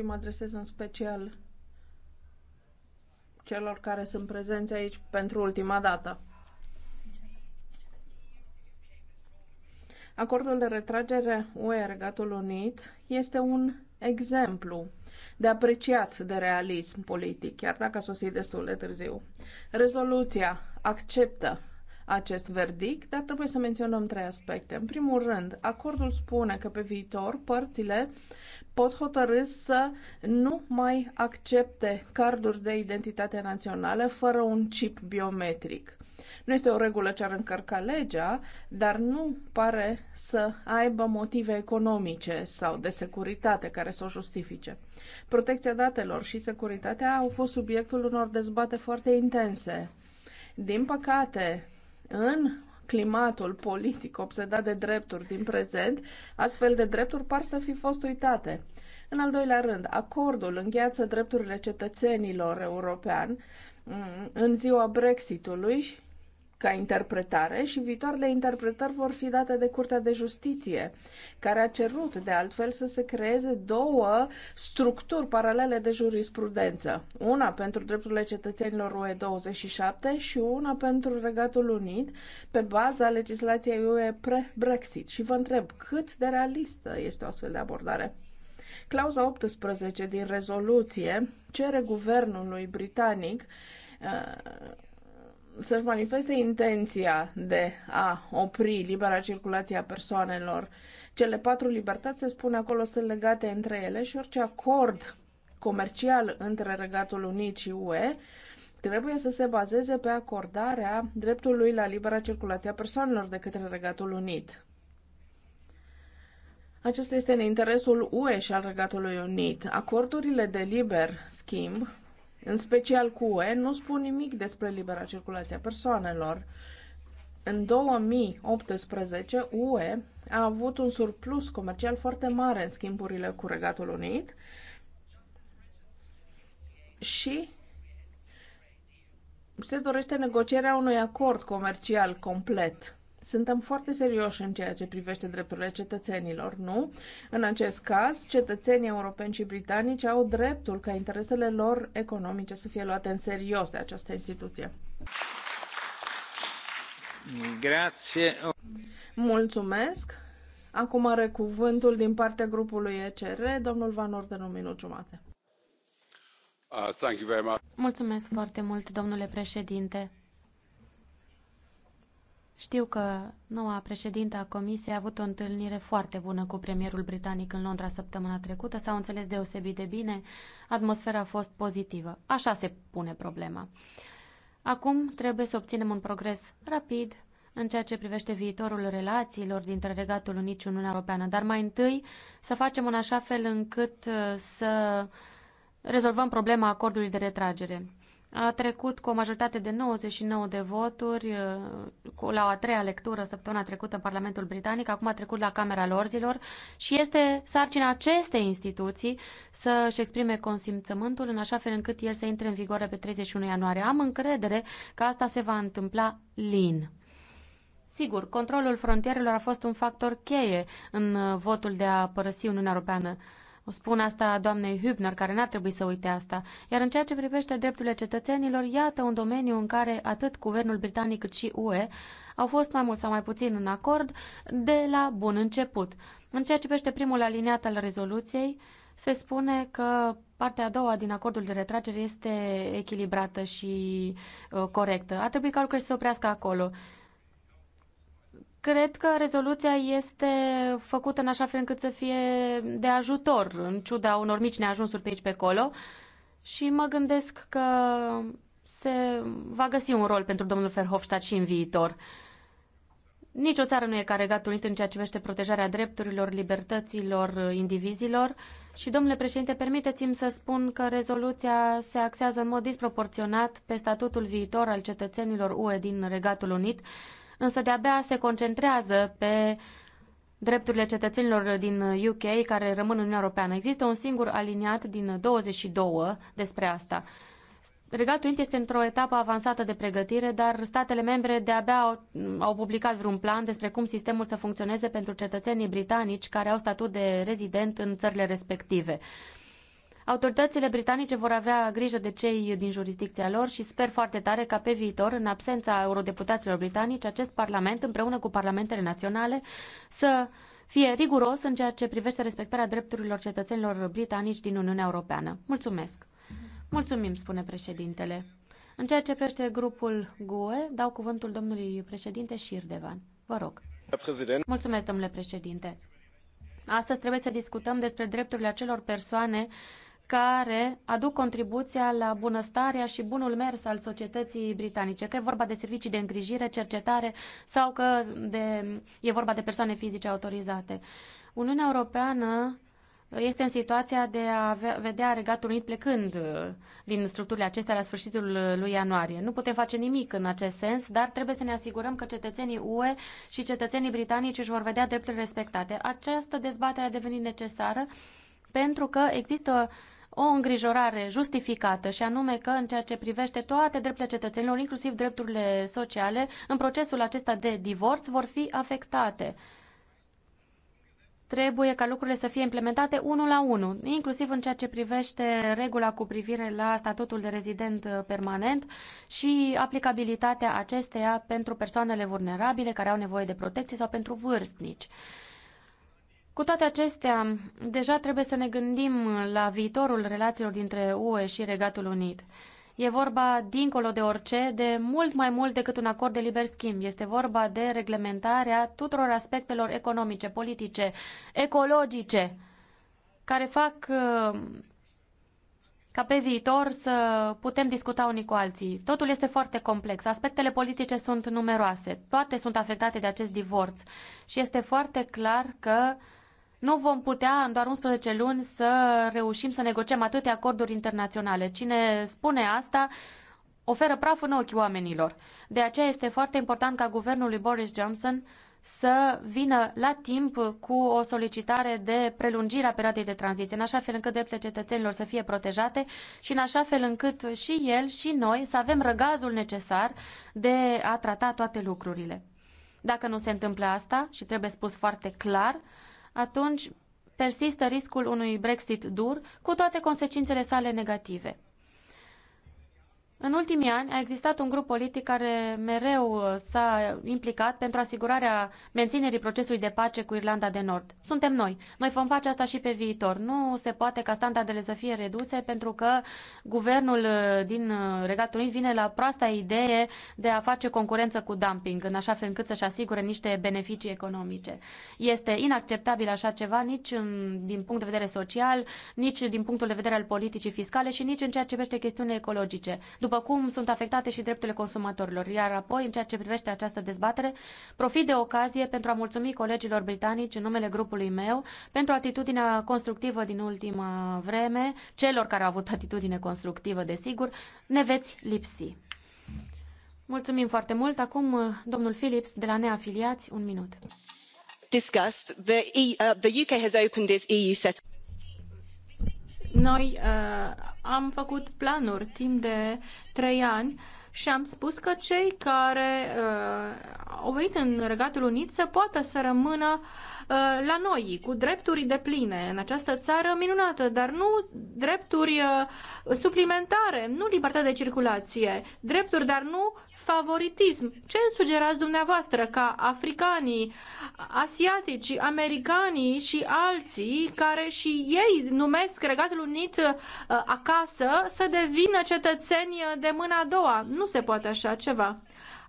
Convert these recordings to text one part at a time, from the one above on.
și mă adresez în special celor care sunt prezenți aici pentru ultima dată. Acordul de retragere UE Regatul Unit este un exemplu de apreciat de realism politic, chiar dacă a sosit destul de târziu. Rezoluția acceptă acest verdict, dar trebuie să menționăm trei aspecte. În primul rând, acordul spune că pe viitor părțile pot hotărâ să nu mai accepte carduri de identitate națională fără un chip biometric. Nu este o regulă ce ar încărca legea, dar nu pare să aibă motive economice sau de securitate care să o justifice. Protecția datelor și securitatea au fost subiectul unor dezbate foarte intense. Din păcate, în climatul politic obsedat de drepturi din prezent, astfel de drepturi par să fi fost uitate. În al doilea rând, acordul îngheață drepturile cetățenilor european mm, în ziua Brexitului ca interpretare și viitoarele interpretări vor fi date de Curtea de Justiție, care a cerut de altfel să se creeze două structuri paralele de jurisprudență, una pentru drepturile cetățenilor UE27 și una pentru Regatul Unit, pe baza legislației UE pre-Brexit. Și vă întreb, cât de realistă este o astfel de abordare? Clauza 18 din rezoluție cere guvernului britanic uh, să-și manifeste intenția de a opri libera circulație a persoanelor. Cele patru libertăți, se spune acolo, sunt legate între ele și orice acord comercial între Regatul Unit și UE trebuie să se bazeze pe acordarea dreptului la libera circulație a persoanelor de către Regatul Unit. Acesta este în interesul UE și al Regatului Unit. Acordurile de liber schimb în special cu UE, nu spun nimic despre libera circulație a persoanelor. În 2018, UE a avut un surplus comercial foarte mare în schimburile cu Regatul Unit și se dorește negocierea unui acord comercial complet suntem foarte serioși în ceea ce privește drepturile cetățenilor, nu? În acest caz, cetățenii europeni și britanici au dreptul ca interesele lor economice să fie luate în serios de această instituție. Grazie. Mulțumesc. Acum are cuvântul din partea grupului ECR, domnul Van Orden, un minut jumate. Uh, thank you very much. Mulțumesc foarte mult, domnule președinte. Știu că noua președintă a Comisiei a avut o întâlnire foarte bună cu premierul britanic în Londra săptămâna trecută, s-au înțeles deosebit de bine, atmosfera a fost pozitivă. Așa se pune problema. Acum trebuie să obținem un progres rapid în ceea ce privește viitorul relațiilor dintre Regatul Unit și Uniunea Europeană, dar mai întâi să facem în așa fel încât uh, să rezolvăm problema acordului de retragere a trecut cu o majoritate de 99 de voturi uh, la o a treia lectură săptămâna trecută în Parlamentul Britanic, acum a trecut la Camera Lorzilor și este sarcina acestei instituții să-și exprime consimțământul în așa fel încât el să intre în vigoare pe 31 ianuarie. Am încredere că asta se va întâmpla lin. Sigur, controlul frontierelor a fost un factor cheie în uh, votul de a părăsi Uniunea Europeană. O spun asta doamnei Hübner, care n-ar trebui să uite asta. Iar în ceea ce privește drepturile cetățenilor, iată un domeniu în care atât guvernul britanic cât și UE au fost mai mult sau mai puțin în acord de la bun început. În ceea ce privește primul aliniat al rezoluției, se spune că partea a doua din acordul de retragere este echilibrată și uh, corectă. Ar trebui ca lucrurile să se oprească acolo. Cred că rezoluția este făcută în așa fel încât să fie de ajutor, în ciuda unor mici neajunsuri pe aici pe acolo. Și mă gândesc că se va găsi un rol pentru domnul Verhofstadt și în viitor. Nici o țară nu e ca Regatul Unit în ceea ce privește protejarea drepturilor, libertăților, indivizilor. Și, domnule președinte, permiteți-mi să spun că rezoluția se axează în mod disproporționat pe statutul viitor al cetățenilor UE din Regatul Unit, însă de-abia se concentrează pe drepturile cetățenilor din UK care rămân în Uniunea Europeană. Există un singur aliniat din 22 despre asta. Regatul Unit este într-o etapă avansată de pregătire, dar statele membre de-abia au, au publicat vreun plan despre cum sistemul să funcționeze pentru cetățenii britanici care au statut de rezident în țările respective. Autoritățile britanice vor avea grijă de cei din jurisdicția lor și sper foarte tare ca pe viitor, în absența eurodeputaților britanici, acest Parlament, împreună cu parlamentele naționale, să fie riguros în ceea ce privește respectarea drepturilor cetățenilor britanici din Uniunea Europeană. Mulțumesc! Mulțumim, spune președintele. În ceea ce privește grupul GUE, dau cuvântul domnului președinte Șirdevan. Vă rog. President. Mulțumesc, domnule președinte. Astăzi trebuie să discutăm despre drepturile acelor persoane care aduc contribuția la bunăstarea și bunul mers al societății britanice, că e vorba de servicii de îngrijire, cercetare sau că de, e vorba de persoane fizice autorizate. Uniunea Europeană este în situația de a vedea Regatul Unit plecând uh, din structurile acestea la sfârșitul uh, lui ianuarie. Nu putem face nimic în acest sens, dar trebuie să ne asigurăm că cetățenii UE și cetățenii britanici își vor vedea drepturile respectate. Această dezbatere a devenit necesară pentru că există o îngrijorare justificată și anume că în ceea ce privește toate drepturile cetățenilor, inclusiv drepturile sociale, în procesul acesta de divorț vor fi afectate. Trebuie ca lucrurile să fie implementate unul la unul, inclusiv în ceea ce privește regula cu privire la statutul de rezident uh, permanent și aplicabilitatea acesteia pentru persoanele vulnerabile care au nevoie de protecție sau pentru vârstnici. Cu toate acestea, deja trebuie să ne gândim la viitorul relațiilor dintre UE și Regatul Unit. E vorba, dincolo de orice, de mult mai mult decât un acord de liber schimb. Este vorba de reglementarea tuturor aspectelor economice, politice, ecologice, care fac uh, ca pe viitor să putem discuta unii cu alții. Totul este foarte complex. Aspectele politice sunt numeroase. Toate sunt afectate de acest divorț. Și este foarte clar că nu vom putea în doar 11 luni să reușim să negociem atâtea acorduri internaționale. Cine spune asta oferă praf în ochii oamenilor. De aceea este foarte important ca guvernul lui Boris Johnson să vină la timp cu o solicitare de prelungire a perioadei de tranziție, în așa fel încât drepturile cetățenilor să fie protejate și în așa fel încât și el și noi să avem răgazul necesar de a trata toate lucrurile. Dacă nu se întâmplă asta, și trebuie spus foarte clar, atunci persistă riscul unui Brexit dur, cu toate consecințele sale negative. În ultimii ani a existat un grup politic care mereu s-a implicat pentru asigurarea menținerii procesului de pace cu Irlanda de Nord. Suntem noi. Noi vom face asta și pe viitor. Nu se poate ca standardele să fie reduse pentru că guvernul uh, din uh, Regatul Unit vine la proasta idee de a face concurență cu dumping, în așa fel încât să-și asigure niște beneficii economice. Este inacceptabil așa ceva nici în, din punct de vedere social, nici din punctul de vedere al politicii fiscale și nici în ceea ce privește chestiunile ecologice după cum sunt afectate și drepturile consumatorilor. Iar apoi, în ceea ce privește această dezbatere, profit de ocazie pentru a mulțumi colegilor britanici în numele grupului meu pentru atitudinea constructivă din ultima vreme, celor care au avut atitudine constructivă, desigur, ne veți lipsi. Mulțumim foarte mult. Acum, domnul Phillips, de la Neafiliați, un minut discussed the, uh, the uk has opened its eu set- noi uh, am făcut planuri timp de trei ani și am spus că cei care uh, au venit în Regatul Unit să poată să rămână uh, Uh, la noi, cu drepturi de pline în această țară minunată, dar nu drepturi uh, suplimentare, nu libertate de circulație, drepturi, dar nu favoritism. Ce sugerați dumneavoastră ca africanii, asiatici, americanii și alții care și ei numesc Regatul Unit uh, acasă să devină cetățeni de mâna a doua? Nu se poate așa ceva.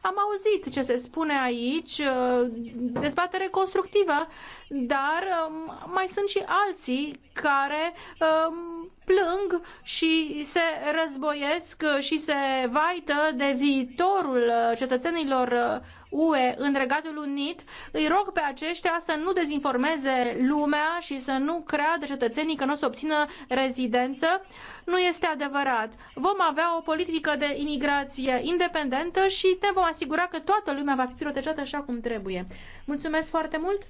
Am auzit ce se spune aici, uh, dezbatere constructivă, dar um, mai sunt și alții care um, plâng și se războiesc și se vaită de viitorul uh, cetățenilor uh, UE în Regatul Unit, îi rog pe aceștia să nu dezinformeze lumea și să nu creadă cetățenii că nu o să obțină rezidență. Nu este adevărat. Vom avea o politică de imigrație independentă și ne vom asigura că toată lumea va fi protejată așa cum trebuie. Mulțumesc foarte mult!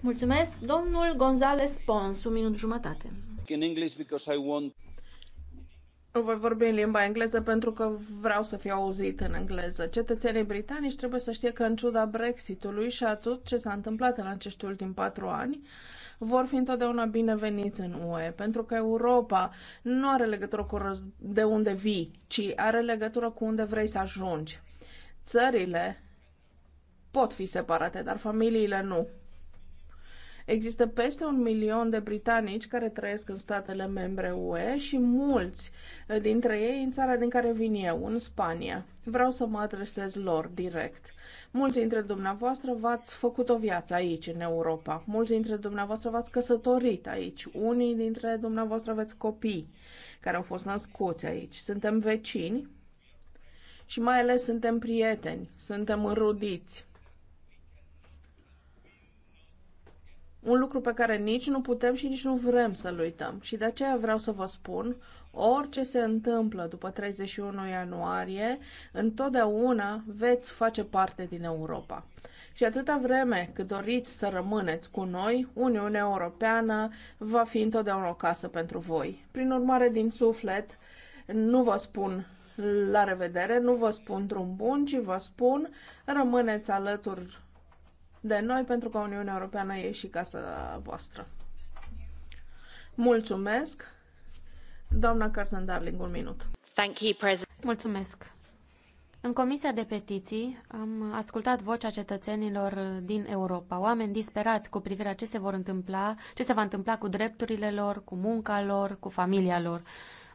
Mulțumesc, domnul González Pons, un minut jumătate. In English because I want voi vorbi în limba engleză pentru că vreau să fiu auzit în engleză. Cetățenii britanici trebuie să știe că în ciuda Brexitului și a tot ce s-a întâmplat în acești ultimi patru ani, vor fi întotdeauna bineveniți în UE, pentru că Europa nu are legătură cu de unde vii, ci are legătură cu unde vrei să ajungi. Țările pot fi separate, dar familiile nu. Există peste un milion de britanici care trăiesc în statele membre UE și mulți eh, dintre ei în țara din care vin eu, în Spania. Vreau să mă adresez lor direct. Mulți dintre dumneavoastră v-ați făcut o viață aici, în Europa. Mulți dintre dumneavoastră v-ați căsătorit aici. Unii dintre dumneavoastră aveți copii care au fost născuți aici. Suntem vecini și mai ales suntem prieteni, suntem înrudiți un lucru pe care nici nu putem și nici nu vrem să-l uităm. Și de aceea vreau să vă spun, orice se întâmplă după 31 ianuarie, întotdeauna veți face parte din Europa. Și atâta vreme cât doriți să rămâneți cu noi, Uniunea Europeană va fi întotdeauna o casă pentru voi. Prin urmare, din suflet, nu vă spun la revedere, nu vă spun drum bun, ci vă spun rămâneți alături de noi pentru că Uniunea Europeană e și casa voastră. Mulțumesc. Doamna Carton Darling, un minut. Thank you, President. Mulțumesc. În Comisia de Petiții am ascultat vocea cetățenilor din Europa, oameni disperați cu privire la ce se vor întâmpla, ce se va întâmpla cu drepturile lor, cu munca lor, cu familia lor.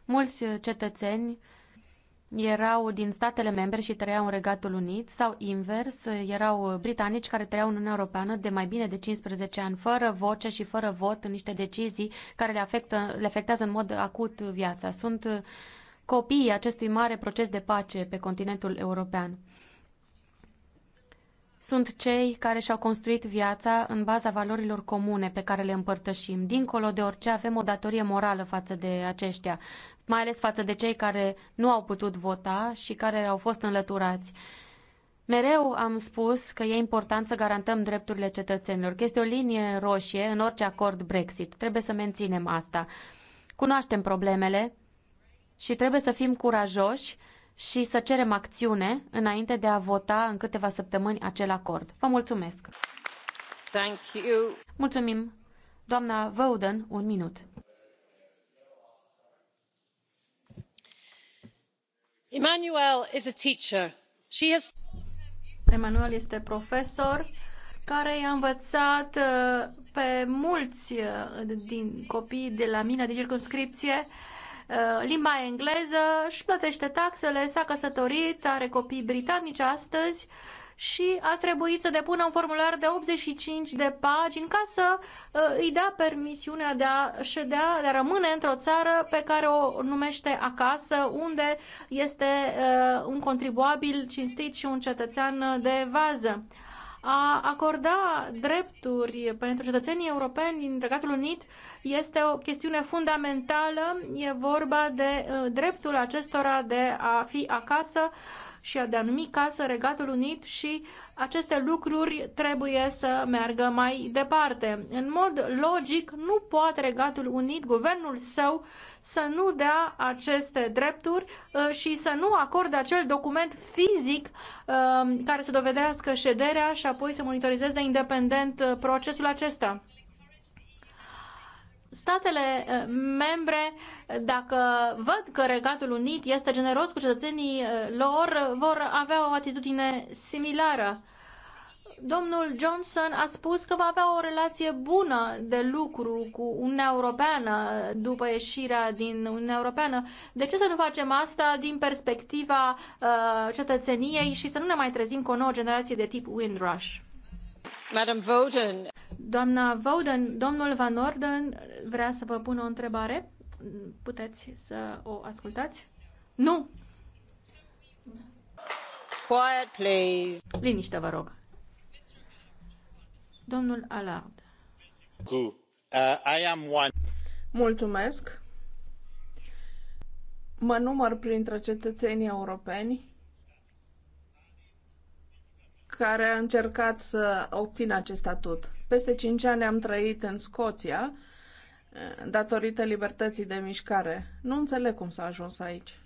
Mulți cetățeni erau din statele membre și trăiau în Regatul Unit sau invers, erau britanici care trăiau în Uniunea Europeană de mai bine de 15 ani, fără voce și fără vot în niște decizii care le, afectă, le afectează în mod acut viața. Sunt copiii acestui mare proces de pace pe continentul european. Sunt cei care și-au construit viața în baza valorilor comune pe care le împărtășim. Dincolo de orice avem o datorie morală față de aceștia mai ales față de cei care nu au putut vota și care au fost înlăturați. Mereu am spus că e important să garantăm drepturile cetățenilor, că este o linie roșie în orice acord Brexit. Trebuie să menținem asta. Cunoaștem problemele și trebuie să fim curajoși și să cerem acțiune înainte de a vota în câteva săptămâni acel acord. Vă mulțumesc! Thank you. Mulțumim! Doamna Vauden, un minut. emmanuel este profesor care i a învățat uh, pe mulți uh, din copiii de la mine din circumscripție uh, limba engleză, își plătește taxele, s-a căsătorit, are copii britanici astăzi și a trebuit să depună un formular de 85 de pagini ca să uh, îi dea permisiunea de a ședea, de a rămâne într-o țară pe care o numește acasă, unde este uh, un contribuabil cinstit și un cetățean de vază a acorda drepturi pentru cetățenii europeni din Regatul Unit este o chestiune fundamentală. E vorba de uh, dreptul acestora de a fi acasă și de a numi casă Regatul Unit și aceste lucruri trebuie să meargă mai departe. În mod logic, nu poate Regatul Unit, guvernul său, să nu dea aceste drepturi uh, și să nu acorde acel document fizic uh, care să dovedească șederea și apoi să monitorizeze independent uh, procesul acesta statele eh, membre, dacă văd că Regatul Unit este generos cu cetățenii eh, lor, vor avea o atitudine similară. Domnul Johnson a spus că va avea o relație bună de lucru cu Uniunea Europeană după ieșirea din Uniunea Europeană. De ce să nu facem asta din perspectiva uh, cetățeniei și să nu ne mai trezim cu o nouă generație de tip Windrush? Madam Voden. Doamna Vauden, domnul Van Orden vrea să vă pună o întrebare. Puteți să o ascultați? Nu! Quiet, please. Liniște, vă rog. Domnul Alard. Uh, I am one. Mulțumesc. Mă număr printre cetățenii europeni care a încercat să obțină acest statut. Peste 5 ani am trăit în Scoția eh, datorită libertății de mișcare. Nu înțeleg cum s-a ajuns aici.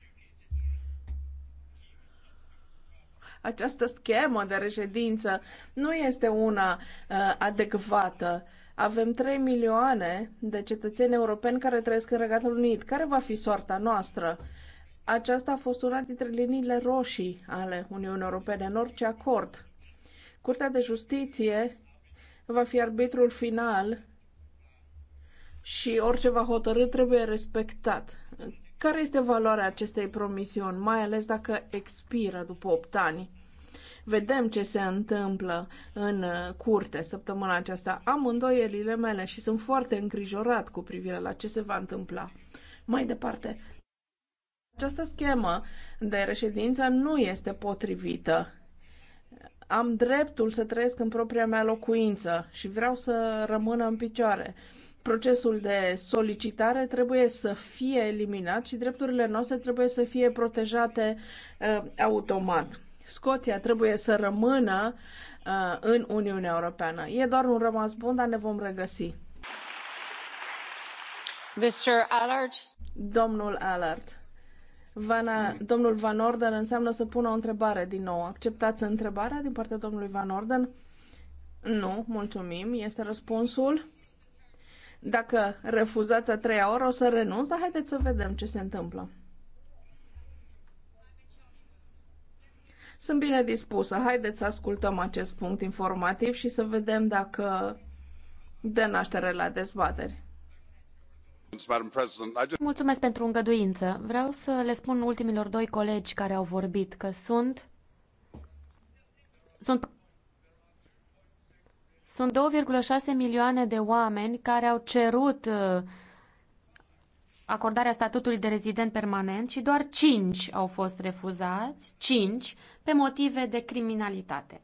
Această schemă de reședință nu este una uh, adecvată. Avem 3 milioane de cetățeni europeni care trăiesc în Regatul Unit. Care va fi soarta noastră? Aceasta a fost una dintre liniile roșii ale Uniunii Europene în orice acord. Curtea de Justiție va fi arbitrul final și orice va hotărâ trebuie respectat. Care este valoarea acestei promisiuni, mai ales dacă expiră după 8 ani? Vedem ce se întâmplă în curte săptămâna aceasta. Am îndoielile mele și sunt foarte îngrijorat cu privire la ce se va întâmpla. Mai departe, această schemă de reședință nu este potrivită am dreptul să trăiesc în propria mea locuință și vreau să rămână în picioare. Procesul de solicitare trebuie să fie eliminat și drepturile noastre trebuie să fie protejate uh, automat. Scoția trebuie să rămână uh, în Uniunea Europeană. E doar un rămas bun, dar ne vom regăsi. Mr. Allard. Domnul Allard. Vana, domnul Van Orden înseamnă să pună o întrebare din nou. Acceptați întrebarea din partea domnului Van Orden? Nu, mulțumim. Este răspunsul. Dacă refuzați a treia oră, o să renunț, dar haideți să vedem ce se întâmplă. Sunt bine dispusă. Haideți să ascultăm acest punct informativ și să vedem dacă dă naștere la dezbateri. Mulțumesc pentru îngăduință. Vreau să le spun ultimilor doi colegi care au vorbit că sunt sunt sunt 2,6 milioane de oameni care au cerut uh, acordarea statutului de rezident permanent și doar 5 au fost refuzați, 5 pe motive de criminalitate.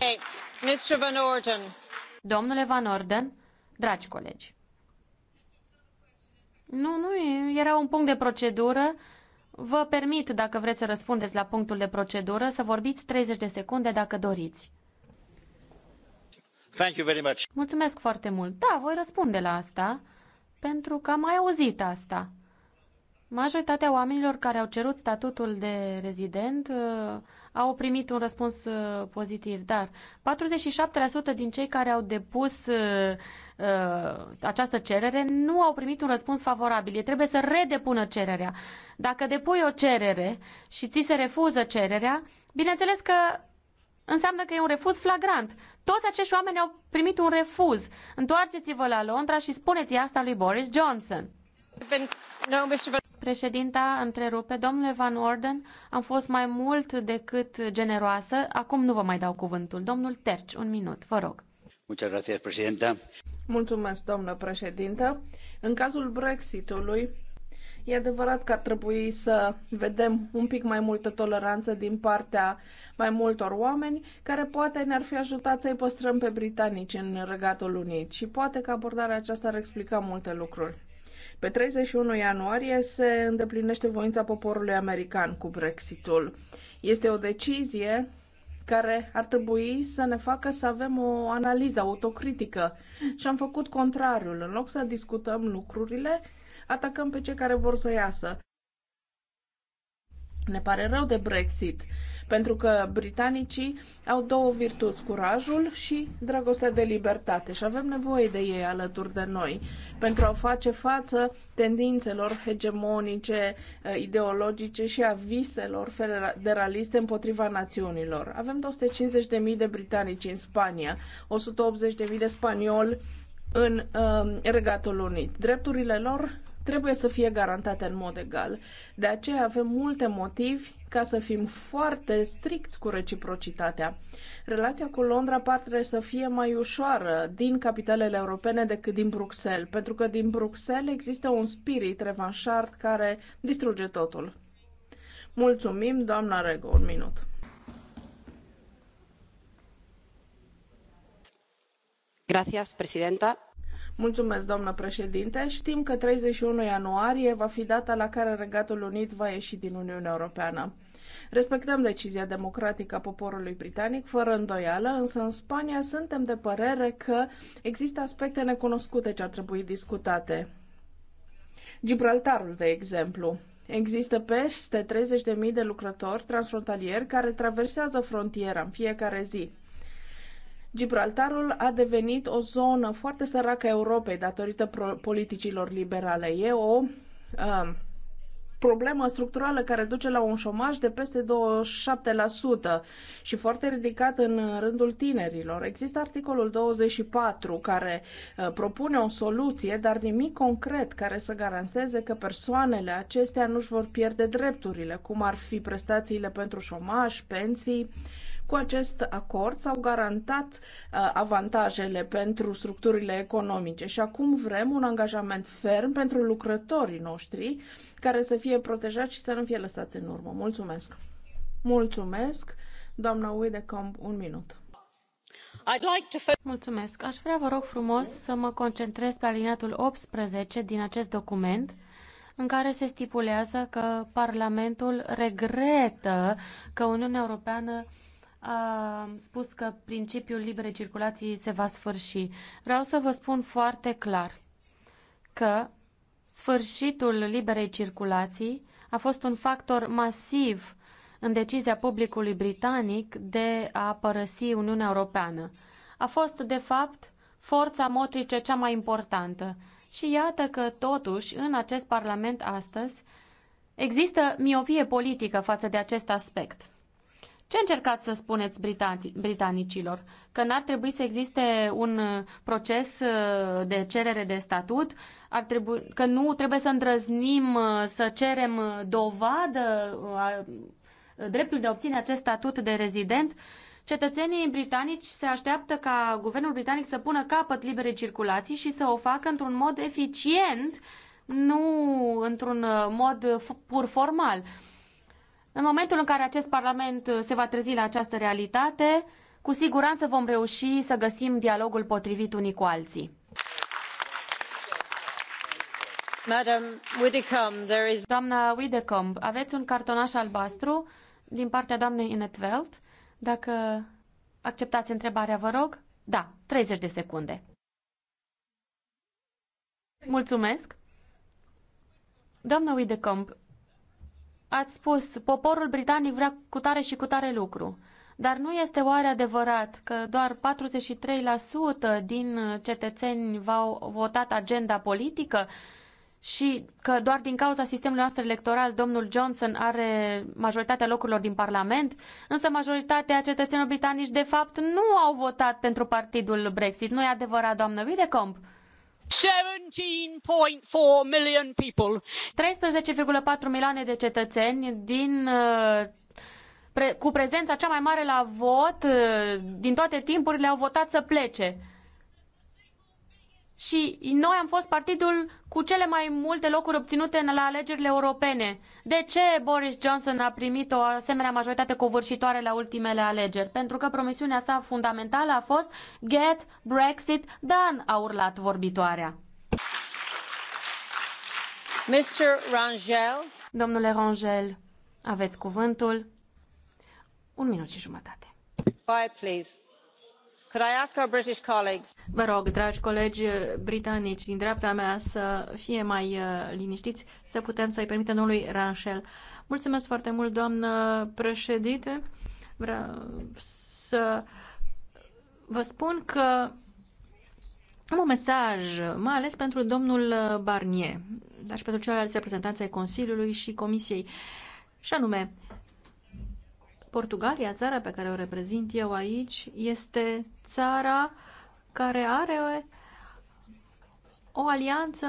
Hey, Mr. Van Orden. Domnule Van Orden, dragi colegi, nu, nu, era un punct de procedură. Vă permit, dacă vreți să răspundeți la punctul de procedură, să vorbiți 30 de secunde dacă doriți. Thank you very much. Mulțumesc foarte mult. Da, voi răspunde la asta, pentru că am mai auzit asta. Majoritatea oamenilor care au cerut statutul de rezident uh, au primit un răspuns uh, pozitiv, dar 47% din cei care au depus uh, Uh, această cerere nu au primit un răspuns favorabil. Ei trebuie să redepună cererea. Dacă depui o cerere și ți se refuză cererea, bineînțeles că înseamnă că e un refuz flagrant. Toți acești oameni au primit un refuz. Întoarceți-vă la Londra și spuneți asta lui Boris Johnson. Președinta întrerupe, domnule Van Orden, am fost mai mult decât generoasă, acum nu vă mai dau cuvântul. Domnul Terci, un minut, vă rog. Mulțumesc, președinta. Mulțumesc, doamnă președintă. În cazul Brexitului, e adevărat că ar trebui să vedem un pic mai multă toleranță din partea mai multor oameni care poate ne-ar fi ajutat să-i păstrăm pe britanici în Regatul Unit și poate că abordarea aceasta ar explica multe lucruri. Pe 31 ianuarie se îndeplinește voința poporului american cu Brexitul. Este o decizie care ar trebui să ne facă să avem o analiză autocritică. Și am făcut contrariul. În loc să discutăm lucrurile, atacăm pe cei care vor să iasă. Ne pare rău de Brexit, pentru că britanicii au două virtuți, curajul și dragostea de libertate și avem nevoie de ei alături de noi pentru a face față tendințelor hegemonice, eh, ideologice și a viselor federaliste împotriva națiunilor. Avem 250.000 de britanici în Spania, 180.000 de spanioli în uh, Regatul Unit. Drepturile lor trebuie să fie garantate în mod egal. De aceea avem multe motivi ca să fim foarte stricți cu reciprocitatea. Relația cu Londra pare să fie mai ușoară din capitalele europene decât din Bruxelles, pentru că din Bruxelles există un spirit revanșard care distruge totul. Mulțumim, doamna Rego, un minut. Gracias, presidenta. Mulțumesc, doamnă președinte. Știm că 31 ianuarie va fi data la care Regatul Unit va ieși din Uniunea Europeană. Respectăm decizia democratică a poporului britanic, fără îndoială, însă în Spania suntem de părere că există aspecte necunoscute ce ar trebui discutate. Gibraltarul, de exemplu. Există peste 30.000 de lucrători transfrontalieri care traversează frontiera în fiecare zi. Gibraltarul a devenit o zonă foarte săracă a Europei datorită politicilor liberale. E o uh, problemă structurală care duce la un șomaj de peste 27% și foarte ridicat în rândul tinerilor. Există articolul 24 care uh, propune o soluție, dar nimic concret care să garanteze că persoanele acestea nu și vor pierde drepturile, cum ar fi prestațiile pentru șomaj, pensii cu acest acord s-au garantat uh, avantajele pentru structurile economice și acum vrem un angajament ferm pentru lucrătorii noștri care să fie protejați și să nu fie lăsați în urmă. Mulțumesc! Mulțumesc! Doamna Uidecamp, un minut. Mulțumesc. Aș vrea, vă rog frumos, să mă concentrez pe alineatul 18 din acest document, în care se stipulează că Parlamentul regretă că Uniunea Europeană a spus că principiul liberei circulații se va sfârși. Vreau să vă spun foarte clar că sfârșitul liberei circulații a fost un factor masiv în decizia publicului britanic de a părăsi Uniunea Europeană. A fost, de fapt, forța motrice cea mai importantă. Și iată că, totuși, în acest Parlament astăzi, există miopie politică față de acest aspect. Ce încercați să spuneți britanicilor? Că n-ar trebui să existe un uh, proces uh, de cerere de statut? Ar trebui, că nu trebuie să îndrăznim uh, să cerem dovadă a, dreptul de a obține acest statut de rezident? Cetățenii britanici se așteaptă ca guvernul britanic să pună capăt liberei circulații și să o facă într-un mod eficient, nu într-un mod pur formal. În momentul în care acest Parlament uh, se va trezi la această realitate, cu siguranță vom reuși să găsim dialogul potrivit unii cu alții. Is... Doamna aveți un cartonaș albastru din partea doamnei Inetveld. Dacă acceptați întrebarea, vă rog. Da, 30 de secunde. Mulțumesc. Doamna Widdecomb, Ați spus, poporul britanic vrea cu tare și cu tare lucru. Dar nu este oare adevărat că doar 43% din cetățeni v-au votat agenda politică și că doar din cauza sistemului nostru electoral domnul Johnson are majoritatea locurilor din Parlament, însă majoritatea cetățenilor britanici de fapt nu au votat pentru partidul Brexit. Nu e adevărat, doamnă Videcomp? treisprezece patru milioane de cetățeni uh, cu prezența cea mai mare la vot uh, din toate timpurile au votat să plece și noi am fost partidul cu cele mai multe locuri obținute la alegerile europene. De ce Boris Johnson a primit o asemenea majoritate covârșitoare la ultimele alegeri? Pentru că promisiunea sa fundamentală a fost Get Brexit Done, a urlat vorbitoarea. Mr. Rangel. Domnule Rangel, aveți cuvântul. Un minut și jumătate. Bye, please. Vă rog, dragi colegi britanici din dreapta mea, să fie mai uh, liniștiți, să putem să-i permitem domnului Ranșel. Mulțumesc foarte mult, doamnă președinte. Vreau să vă spun că am un mesaj, mai ales pentru domnul Barnier, dar și pentru ceilalți reprezentanți ai Consiliului și Comisiei. Și anume, Portugalia, țara pe care o reprezint eu aici, este țara care are o alianță,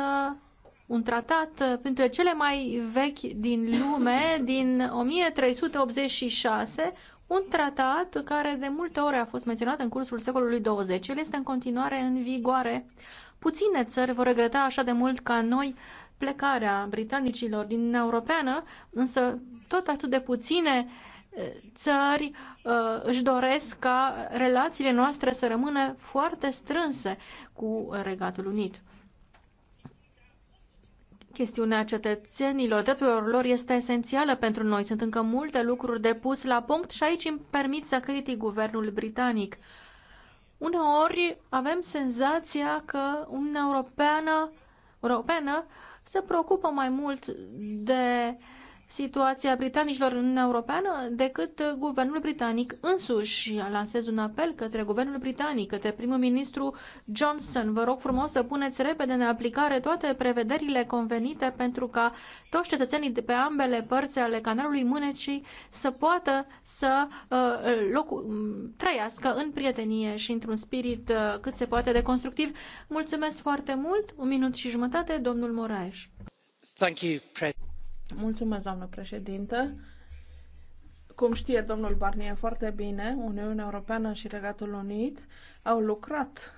un tratat printre cele mai vechi din lume, din 1386, un tratat care de multe ori a fost menționat în cursul secolului 20. El este în continuare în vigoare. Puține țări vor regreta așa de mult ca noi plecarea britanicilor din Europeană, însă tot atât de puține țări uh, își doresc ca relațiile noastre să rămână foarte strânse cu Regatul Unit. Chestiunea cetățenilor, drepturilor lor este esențială pentru noi. Sunt încă multe lucruri de pus la punct și aici îmi permit să critic guvernul britanic. Uneori avem senzația că Uniunea Europeană, Europeană se preocupă mai mult de uh, situația britanicilor în Uniunea Europeană decât guvernul britanic însuși. Lansez un apel către guvernul britanic, către primul ministru Johnson. Vă rog frumos să puneți repede în aplicare toate prevederile convenite pentru ca toți cetățenii de pe ambele părți ale canalului Mânecii să poată să uh, locu- trăiască în prietenie și într-un spirit uh, cât se poate de constructiv. Mulțumesc foarte mult. Un minut și jumătate, domnul Moraes. Thank you, President. Mulțumesc, doamnă președinte. Cum știe domnul Barnier foarte bine, Uniunea Europeană și Regatul Unit au lucrat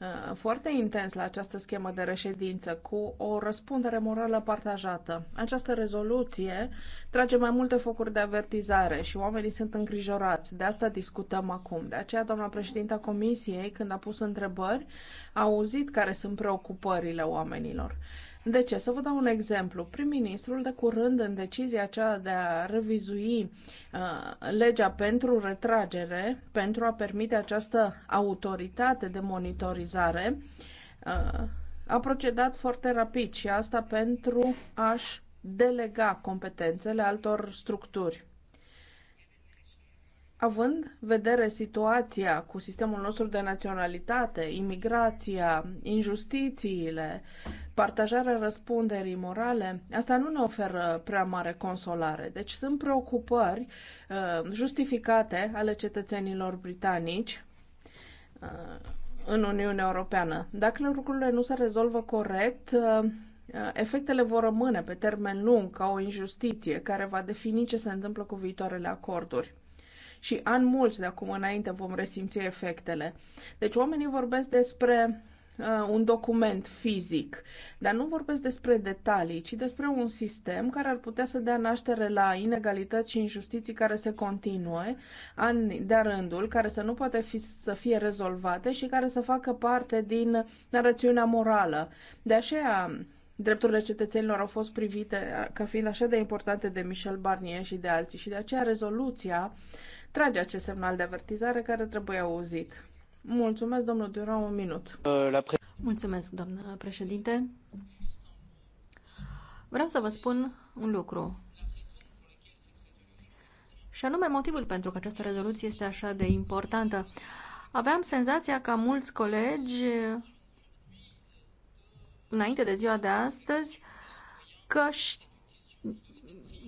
uh, foarte intens la această schemă de reședință cu o răspundere morală partajată. Această rezoluție trage mai multe focuri de avertizare și oamenii sunt îngrijorați. De asta discutăm acum. De aceea, doamna președinta Comisiei, când a pus întrebări, a auzit care sunt preocupările oamenilor. De ce? Să vă dau un exemplu. Prim-ministrul de curând în decizia aceea de a revizui uh, legea pentru retragere, pentru a permite această autoritate de monitorizare, uh, a procedat foarte rapid și asta pentru a-și delega competențele altor structuri. Având vedere situația cu sistemul nostru de naționalitate, imigrația, injustițiile, partajarea răspunderii morale, asta nu ne oferă prea mare consolare. Deci sunt preocupări uh, justificate ale cetățenilor britanici uh, în Uniunea Europeană. Dacă lucrurile nu se rezolvă corect, uh, efectele vor rămâne pe termen lung ca o injustiție care va defini ce se întâmplă cu viitoarele acorduri și ani mulți de acum înainte vom resimți efectele. Deci oamenii vorbesc despre uh, un document fizic, dar nu vorbesc despre detalii, ci despre un sistem care ar putea să dea naștere la inegalități și injustiții care se continuă ani de rândul, care să nu poate fi, să fie rezolvate și care să facă parte din narațiunea morală. De aceea, Drepturile cetățenilor au fost privite ca fiind așa de importante de Michel Barnier și de alții și de aceea rezoluția trage acest semnal de avertizare care trebuie auzit. Mulțumesc, domnul Duran, un minut. Uh, Mulțumesc, doamnă președinte. Vreau să vă spun un lucru. Și anume motivul pentru că această rezoluție este așa de importantă. Aveam senzația că mulți colegi, înainte de ziua de astăzi, că știu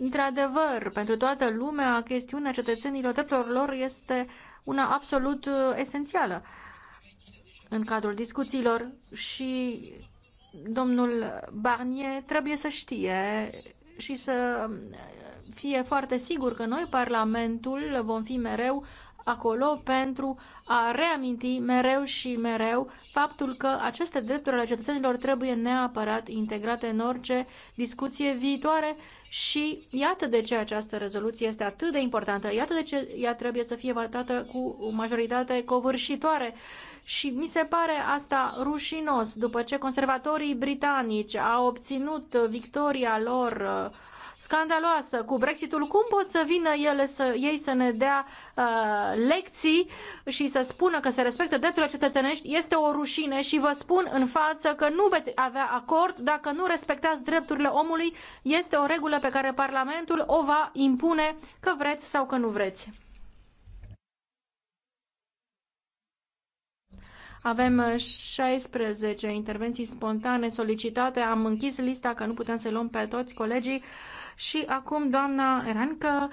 Într-adevăr, pentru toată lumea, chestiunea cetățenilor, drepturilor lor este una absolut uh, esențială în cadrul discuțiilor și domnul Barnier trebuie să știe și să fie foarte sigur că noi, Parlamentul, vom fi mereu acolo pentru a reaminti mereu și mereu faptul că aceste drepturi ale cetățenilor trebuie neapărat integrate în orice discuție viitoare și iată de ce această rezoluție este atât de importantă, iată de ce ea trebuie să fie votată cu o majoritate covârșitoare. Și mi se pare asta rușinos, după ce conservatorii britanici au obținut victoria lor uh, scandaloasă cu Brexitul, cum pot să vină ele să, ei să ne dea uh, lecții și să spună că se respectă drepturile cetățenești? Este o rușine și vă spun în față că nu veți avea acord dacă nu respectați drepturile omului. Este o regulă pe care Parlamentul o va impune că vreți sau că nu vreți. Avem 16 intervenții spontane solicitate. Am închis lista că nu putem să luăm pe toți colegii. Și acum, doamna Erancă,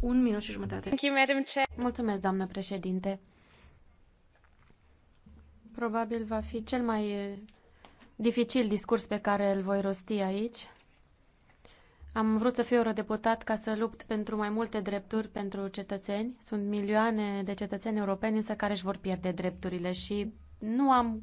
un minut și jumătate. Mulțumesc, doamnă președinte. Probabil va fi cel mai eh, dificil discurs pe care îl voi rosti aici. Am vrut să fiu eurodeputat ca să lupt pentru mai multe drepturi pentru cetățeni. Sunt milioane de cetățeni europeni însă care își vor pierde drepturile și nu am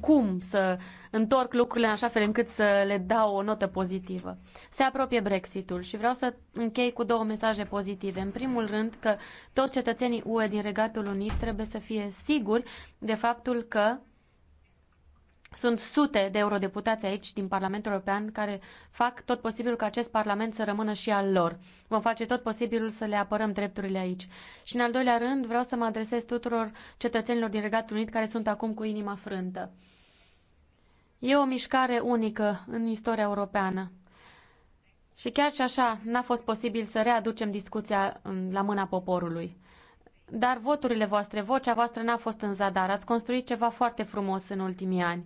cum să întorc lucrurile în așa fel încât să le dau o notă pozitivă. Se apropie Brexitul și vreau să închei cu două mesaje pozitive. În primul rând că toți cetățenii UE din Regatul Unit trebuie să fie siguri de faptul că sunt sute de eurodeputați aici din Parlamentul European care fac tot posibilul ca acest Parlament să rămână și al lor. Vom face tot posibilul să le apărăm drepturile aici. Și în al doilea rând vreau să mă adresez tuturor cetățenilor din Regatul Unit care sunt acum cu inima frântă. E o mișcare unică în istoria europeană. Și chiar și așa n-a fost posibil să readucem discuția mm, la mâna poporului. Dar voturile voastre, vocea voastră n-a fost în zadar. Ați construit ceva foarte frumos în ultimii ani.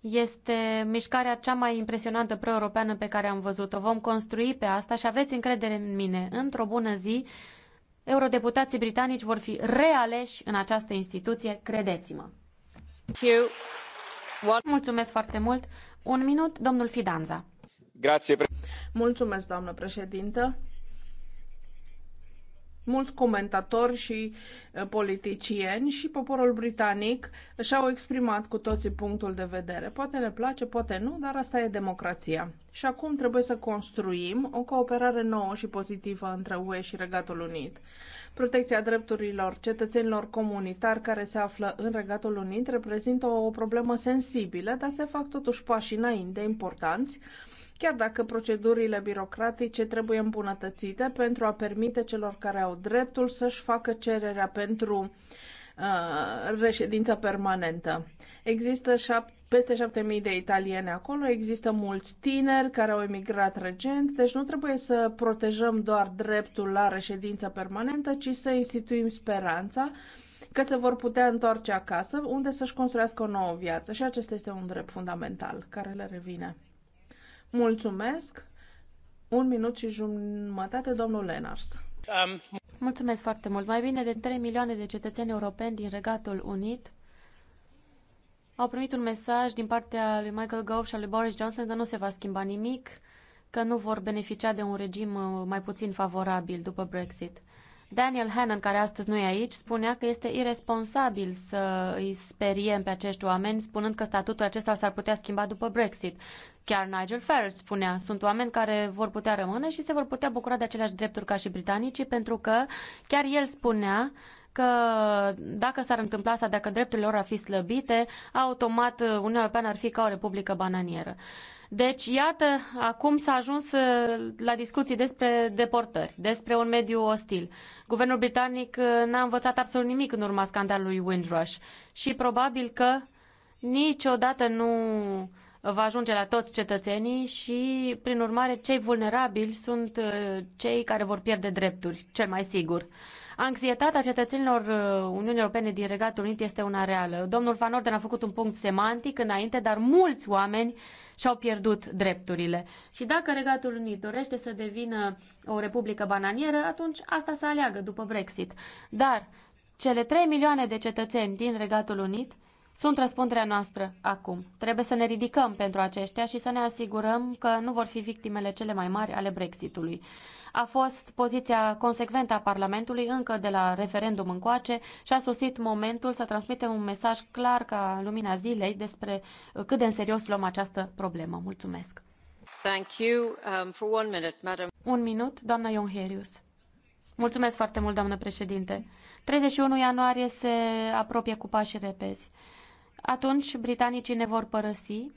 Este mișcarea cea mai impresionantă pro-europeană pe care am văzut-o. Vom construi pe asta și aveți încredere în mine. Într-o bună zi, eurodeputații britanici vor fi realeși în această instituție, credeți-mă. Mulțumesc foarte mult. Un minut, domnul Fidanza. Grazie. Mulțumesc, doamnă președintă mulți comentatori și uh, politicieni și poporul britanic și-au exprimat cu toții punctul de vedere. Poate ne place, poate nu, dar asta e democrația. Și acum trebuie să construim o cooperare nouă și pozitivă între UE și Regatul Unit. Protecția drepturilor cetățenilor comunitari care se află în Regatul Unit reprezintă o problemă sensibilă, dar se fac totuși pași înainte importanți chiar dacă procedurile birocratice trebuie îmbunătățite pentru a permite celor care au dreptul să-și facă cererea pentru uh, reședință permanentă. Există șap- peste 7000 de italiene acolo, există mulți tineri care au emigrat recent, deci nu trebuie să protejăm doar dreptul la reședință permanentă, ci să instituim speranța că se vor putea întoarce acasă, unde să-și construiască o nouă viață. Și acesta este un drept fundamental care le revine. Mulțumesc. Un minut și jumătate, domnul Lenars. Um. Mulțumesc foarte mult. Mai bine de 3 milioane de cetățeni europeni din Regatul Unit au primit un mesaj din partea lui Michael Gove și a lui Boris Johnson că nu se va schimba nimic, că nu vor beneficia de un regim uh, mai puțin favorabil după Brexit. Daniel Hannan, care astăzi nu e aici, spunea că este irresponsabil să îi speriem pe acești oameni, spunând că statutul acesta s-ar putea schimba după Brexit. Chiar Nigel Farage spunea, sunt oameni care vor putea rămâne și se vor putea bucura de aceleași drepturi ca și britanicii, pentru că chiar el spunea că dacă s-ar întâmpla asta, dacă drepturile lor ar fi slăbite, automat Uniunea Europeană ar fi ca o republică bananieră. Deci, iată, acum s-a ajuns uh, la discuții despre deportări, despre un mediu ostil. Guvernul britanic uh, n-a învățat absolut nimic în urma scandalului Windrush și probabil că niciodată nu va ajunge la toți cetățenii și, prin urmare, cei vulnerabili sunt uh, cei care vor pierde drepturi, cel mai sigur. Anxietatea cetățenilor uh, Uniunii Europene din Regatul Unit este una reală. Domnul Van Orden a făcut un punct semantic înainte, dar mulți oameni și-au pierdut drepturile. Și dacă Regatul Unit dorește să devină o republică bananieră, atunci asta să aleagă după Brexit. Dar cele 3 milioane de cetățeni din Regatul Unit sunt răspunderea noastră acum. Trebuie să ne ridicăm pentru aceștia și să ne asigurăm că nu vor fi victimele cele mai mari ale Brexitului. A fost poziția consecventă a Parlamentului încă de la referendum încoace și a sosit momentul să transmitem un mesaj clar ca lumina zilei despre cât de în serios luăm această problemă. Mulțumesc! Thank you. Um, for one minute, madam. Un minut, doamna Ionherius. Mulțumesc foarte mult, doamnă președinte. 31 ianuarie se apropie cu pași repezi. Atunci britanicii ne vor părăsi,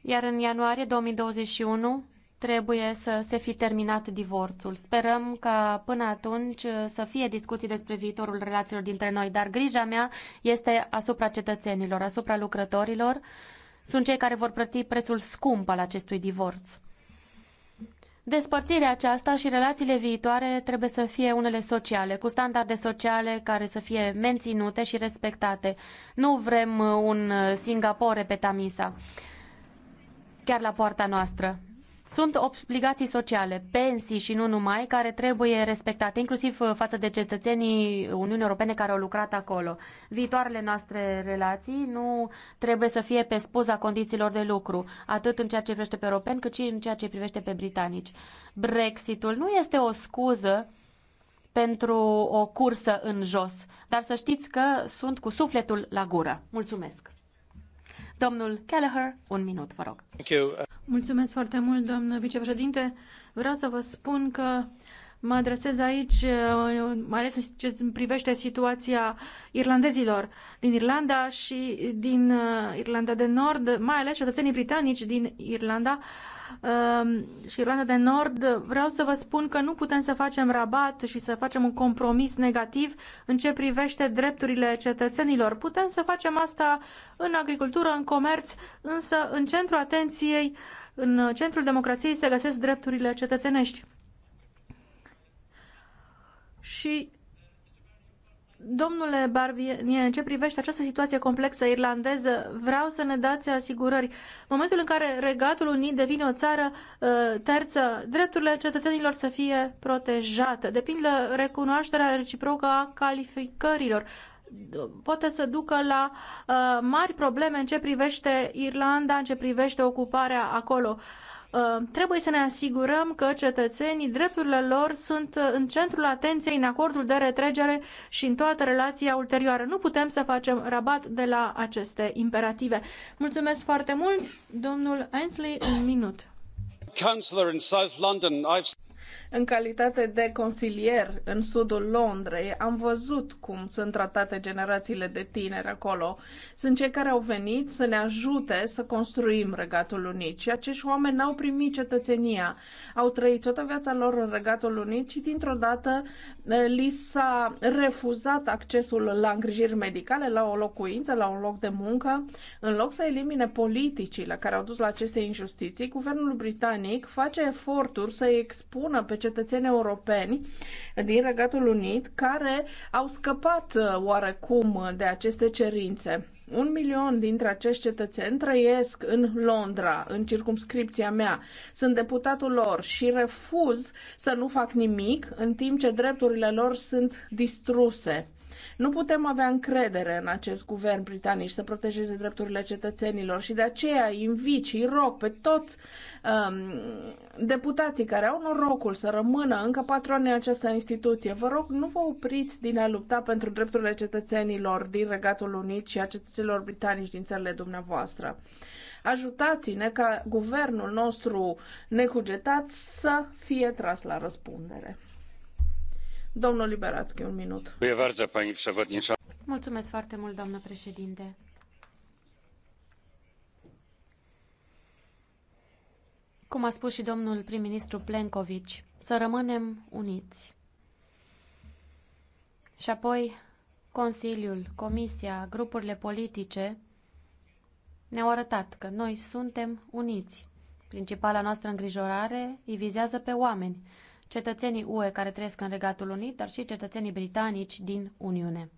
iar în ianuarie 2021 trebuie să se fi terminat divorțul. Sperăm ca până atunci să fie discuții despre viitorul relațiilor dintre noi, dar grija mea este asupra cetățenilor, asupra lucrătorilor. Sunt cei care vor plăti prețul scump al acestui divorț. Despărțirea aceasta și relațiile viitoare trebuie să fie unele sociale, cu standarde sociale care să fie menținute și respectate. Nu vrem un Singapore pe Tamisa, chiar la poarta noastră. Sunt obligații sociale, pensii și nu numai, care trebuie respectate, inclusiv uh, față de cetățenii Uniunii Europene care au lucrat acolo. Viitoarele noastre relații nu trebuie să fie pe spuza condițiilor de lucru, atât în ceea ce privește pe europeni, cât și în ceea ce privește pe britanici. Brexitul nu este o scuză pentru o cursă în jos, dar să știți că sunt cu sufletul la gură. Mulțumesc! Domnul Kelleher, un minut, vă rog. Mulțumesc foarte mult, domnul vicepreședinte. Vreau să vă spun că mă adresez aici, mai ales ce privește situația irlandezilor din Irlanda și din uh, Irlanda de Nord, mai ales cetățenii britanici din Irlanda, uh, Ehm, și Irlanda de Nord, vreau să vă spun că nu putem să facem rabat și să facem un compromis negativ în ce privește drepturile cetățenilor. Putem să facem asta în agricultură, în comerț, însă în centrul atenției, în centrul democrației se găsesc drepturile cetățenești. Și Domnule Barbier, în ce privește această situație complexă irlandeză, vreau să ne dați asigurări. În momentul în care Regatul Unit devine o țară uh, terță, drepturile cetățenilor să fie protejate, de pildă recunoașterea reciprocă a calificărilor poate să ducă la uh, mari probleme în ce privește Irlanda, în ce privește ocuparea acolo. Uh, trebuie să ne asigurăm că cetățenii, drepturile lor sunt uh, în centrul atenției în acordul de retragere și în toată relația ulterioară. Nu putem să facem rabat de la aceste imperative. Mulțumesc foarte mult, domnul Ainsley, un minut. În calitate de consilier în sudul Londrei, am văzut cum sunt tratate generațiile de tineri acolo. Sunt cei care au venit să ne ajute să construim Regatul Unit și acești oameni n-au primit cetățenia. Au trăit toată viața lor în Regatul Unit și dintr-o dată li s-a refuzat accesul la îngrijiri medicale, la o locuință, la un loc de muncă. În loc să elimine politicile care au dus la aceste injustiții, guvernul britanic face eforturi să expună pe cetățeni europeni din Regatul Unit care au scăpat uh, oarecum uh, de aceste cerințe. Un milion dintre acești cetățeni trăiesc în Londra, în circumscripția mea. Sunt deputatul lor și refuz să nu fac nimic în timp ce drepturile lor sunt distruse. Nu putem avea încredere în acest guvern britanic să protejeze drepturile cetățenilor și de aceea invit și rog pe toți um, deputații care au norocul să rămână încă patroni în această instituție. Vă rog, nu vă opriți din a lupta pentru drepturile cetățenilor din Regatul Unit și a cetățenilor britanici din țările dumneavoastră ajutați-ne ca guvernul nostru necugetat să fie tras la răspundere. Domnul Liberațchi, un minut. Mulțumesc foarte mult, doamnă președinte. Cum a spus și domnul prim-ministru Plenković, să rămânem uniți. Și apoi, Consiliul, Comisia, grupurile politice ne-au arătat că noi suntem uniți. Principala noastră îngrijorare îi vizează pe oameni, cetățenii UE care trăiesc în Regatul Unit, dar și cetățenii britanici din Uniune.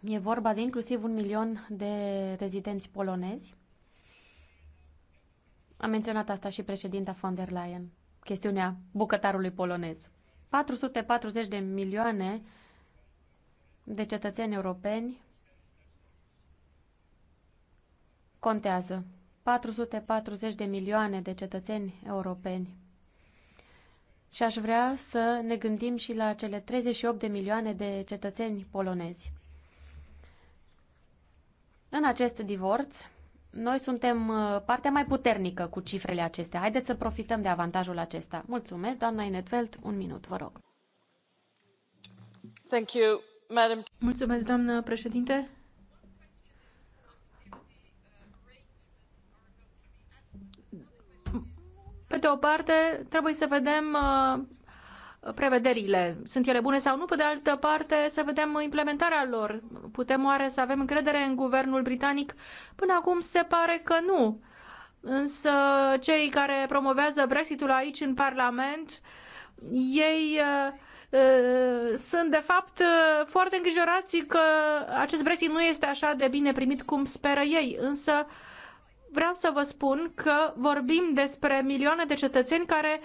E vorba de inclusiv un milion de rezidenți polonezi. A menționat asta și președinta von der Leyen, chestiunea bucătarului polonez. 440 de milioane de cetățeni europeni contează. 440 de milioane de cetățeni europeni și aș vrea să ne gândim și la cele 38 de milioane de cetățeni polonezi. În acest divorț, noi suntem uh, partea mai puternică cu cifrele acestea. Haideți să profităm de avantajul acesta. Mulțumesc, doamna Inetveld. Un minut, vă rog. Thank you, madam. Mulțumesc, doamnă președinte. Pe de o parte, trebuie să vedem uh, prevederile. Sunt ele bune sau nu? Pe de altă parte, să vedem implementarea lor. Putem oare să avem încredere în guvernul britanic? Până acum se pare că nu. Însă cei care promovează Brexitul aici în Parlament, ei uh, uh sunt de fapt uh, foarte îngrijorați că acest Brexit nu este așa de bine primit cum speră ei, însă uh, vreau să vă spun că vorbim despre milioane de cetățeni care,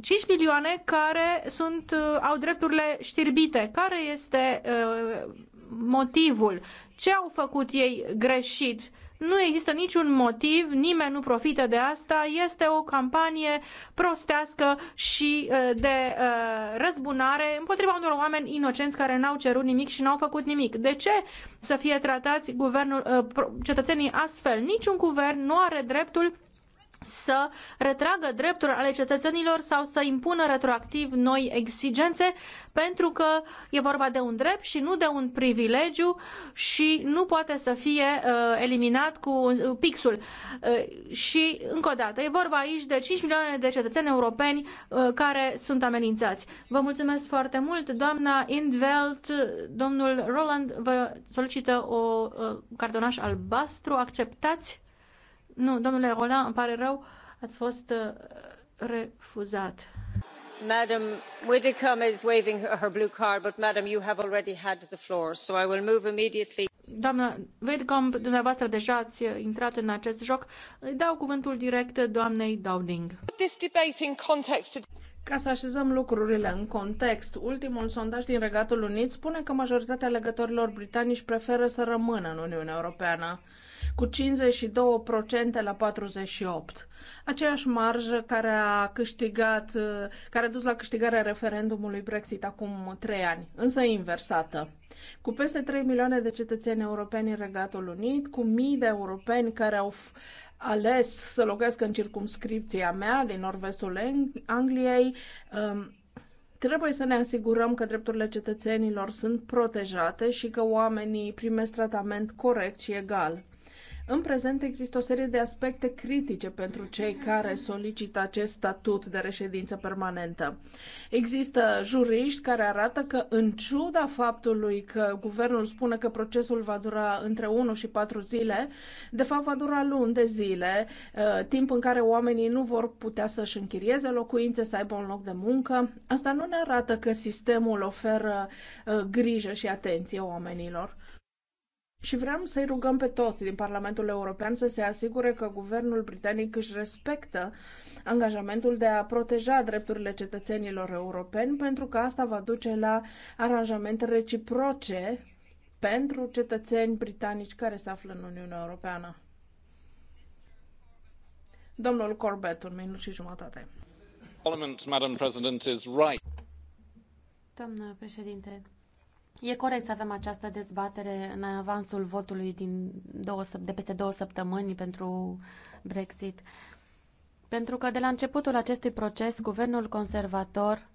5 um, milioane care sunt, uh, au drepturile știrbite. Care este uh, motivul? Ce au făcut ei greșit? Nu există niciun motiv, nimeni nu profită de asta, este o campanie prostească și uh, de uh, răzbunare împotriva unor oameni inocenți care n-au cerut nimic și n-au făcut nimic. De ce să fie tratați guvernul, uh, cetățenii astfel? Niciun guvern nu are dreptul să retragă drepturi ale cetățenilor sau să impună retroactiv noi exigențe, pentru că e vorba de un drept și nu de un privilegiu și nu poate să fie uh, eliminat cu pixul. Uh, și, încă o dată, e vorba aici de 5 milioane de cetățeni europeni uh, care sunt amenințați. Vă mulțumesc foarte mult, doamna Indveld, domnul Roland vă solicită o cardonaș albastru, acceptați? Nu, domnule Rola, îmi pare rău, ați fost uh, refuzat. Madam Widdicombe is waving her blue card, but madam, you have already had the floor, so I will move immediately. Doamna Widdicombe, dumneavoastră deja ați intrat în acest joc. Îi dau cuvântul direct doamnei Downing. This debate in context ca să așezăm lucrurile în context, ultimul sondaj din Regatul Unit spune că majoritatea legătorilor britanici preferă să rămână în Uniunea Europeană cu 52% la 48%. Aceeași marjă care a câștigat, care a dus la câștigarea referendumului Brexit acum 3 ani, însă inversată. Cu peste 3 milioane de cetățeni europeni în Regatul Unit, cu mii de europeni care au ales să locuiască în circumscripția mea din nord-vestul Angliei, um, trebuie să ne asigurăm că drepturile cetățenilor sunt protejate și că oamenii primesc tratament corect și egal. În prezent există o serie de aspecte critice pentru cei care solicită acest statut de reședință permanentă. Există juriști care arată că, în ciuda faptului că guvernul spune că procesul va dura între 1 și 4 zile, de fapt va dura luni de zile, uh, timp în care oamenii nu vor putea să-și închirieze locuințe, să aibă un loc de muncă. Asta nu ne arată că sistemul oferă uh, grijă și atenție oamenilor. Și vrem să-i rugăm pe toți din Parlamentul European să se asigure că guvernul britanic își respectă angajamentul de a proteja drepturile cetățenilor europeni, pentru că asta va duce la aranjamente reciproce pentru cetățeni britanici care se află în Uniunea Europeană. Domnul Corbett, un minut și jumătate. Doamna președinte, E corect să avem această dezbatere în avansul votului din două, de peste două săptămâni pentru Brexit. Pentru că de la începutul acestui proces, guvernul conservator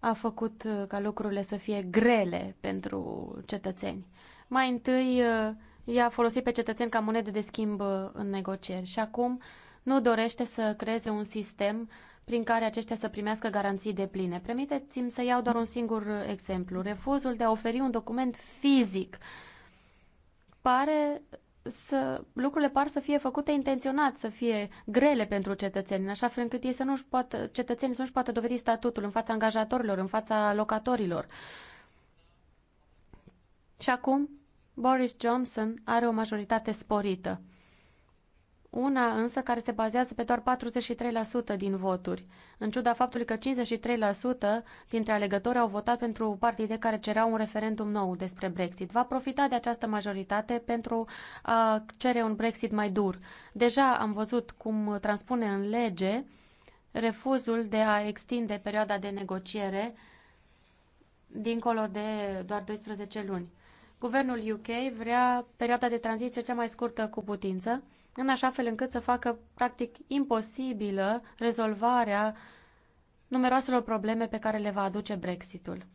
a făcut uh, ca lucrurile să fie grele pentru cetățeni. Mai întâi uh, i-a folosit pe cetățeni ca monedă de schimb uh, în negocieri și acum nu dorește să creeze un sistem prin care aceștia să primească garanții de pline. Permiteți-mi să iau doar un singur exemplu. Refuzul de a oferi un document fizic pare să, lucrurile par să fie făcute intenționat, să fie grele pentru cetățeni, în așa fel încât ei să nu-și poată, cetățenii să nu-și poată dovedi statutul în fața angajatorilor, în fața locatorilor. Și acum Boris Johnson are o majoritate sporită una însă care se bazează pe doar 43% din voturi, în ciuda faptului că 53% dintre alegători au votat pentru partide care cereau un referendum nou despre Brexit. Va profita de această majoritate pentru a cere un Brexit mai dur. Deja am văzut cum transpune în lege refuzul de a extinde perioada de negociere dincolo de doar 12 luni. Guvernul UK vrea perioada de tranziție cea mai scurtă cu putință, în așa fel încât să facă practic imposibilă rezolvarea numeroaselor probleme pe care le va aduce Brexitul.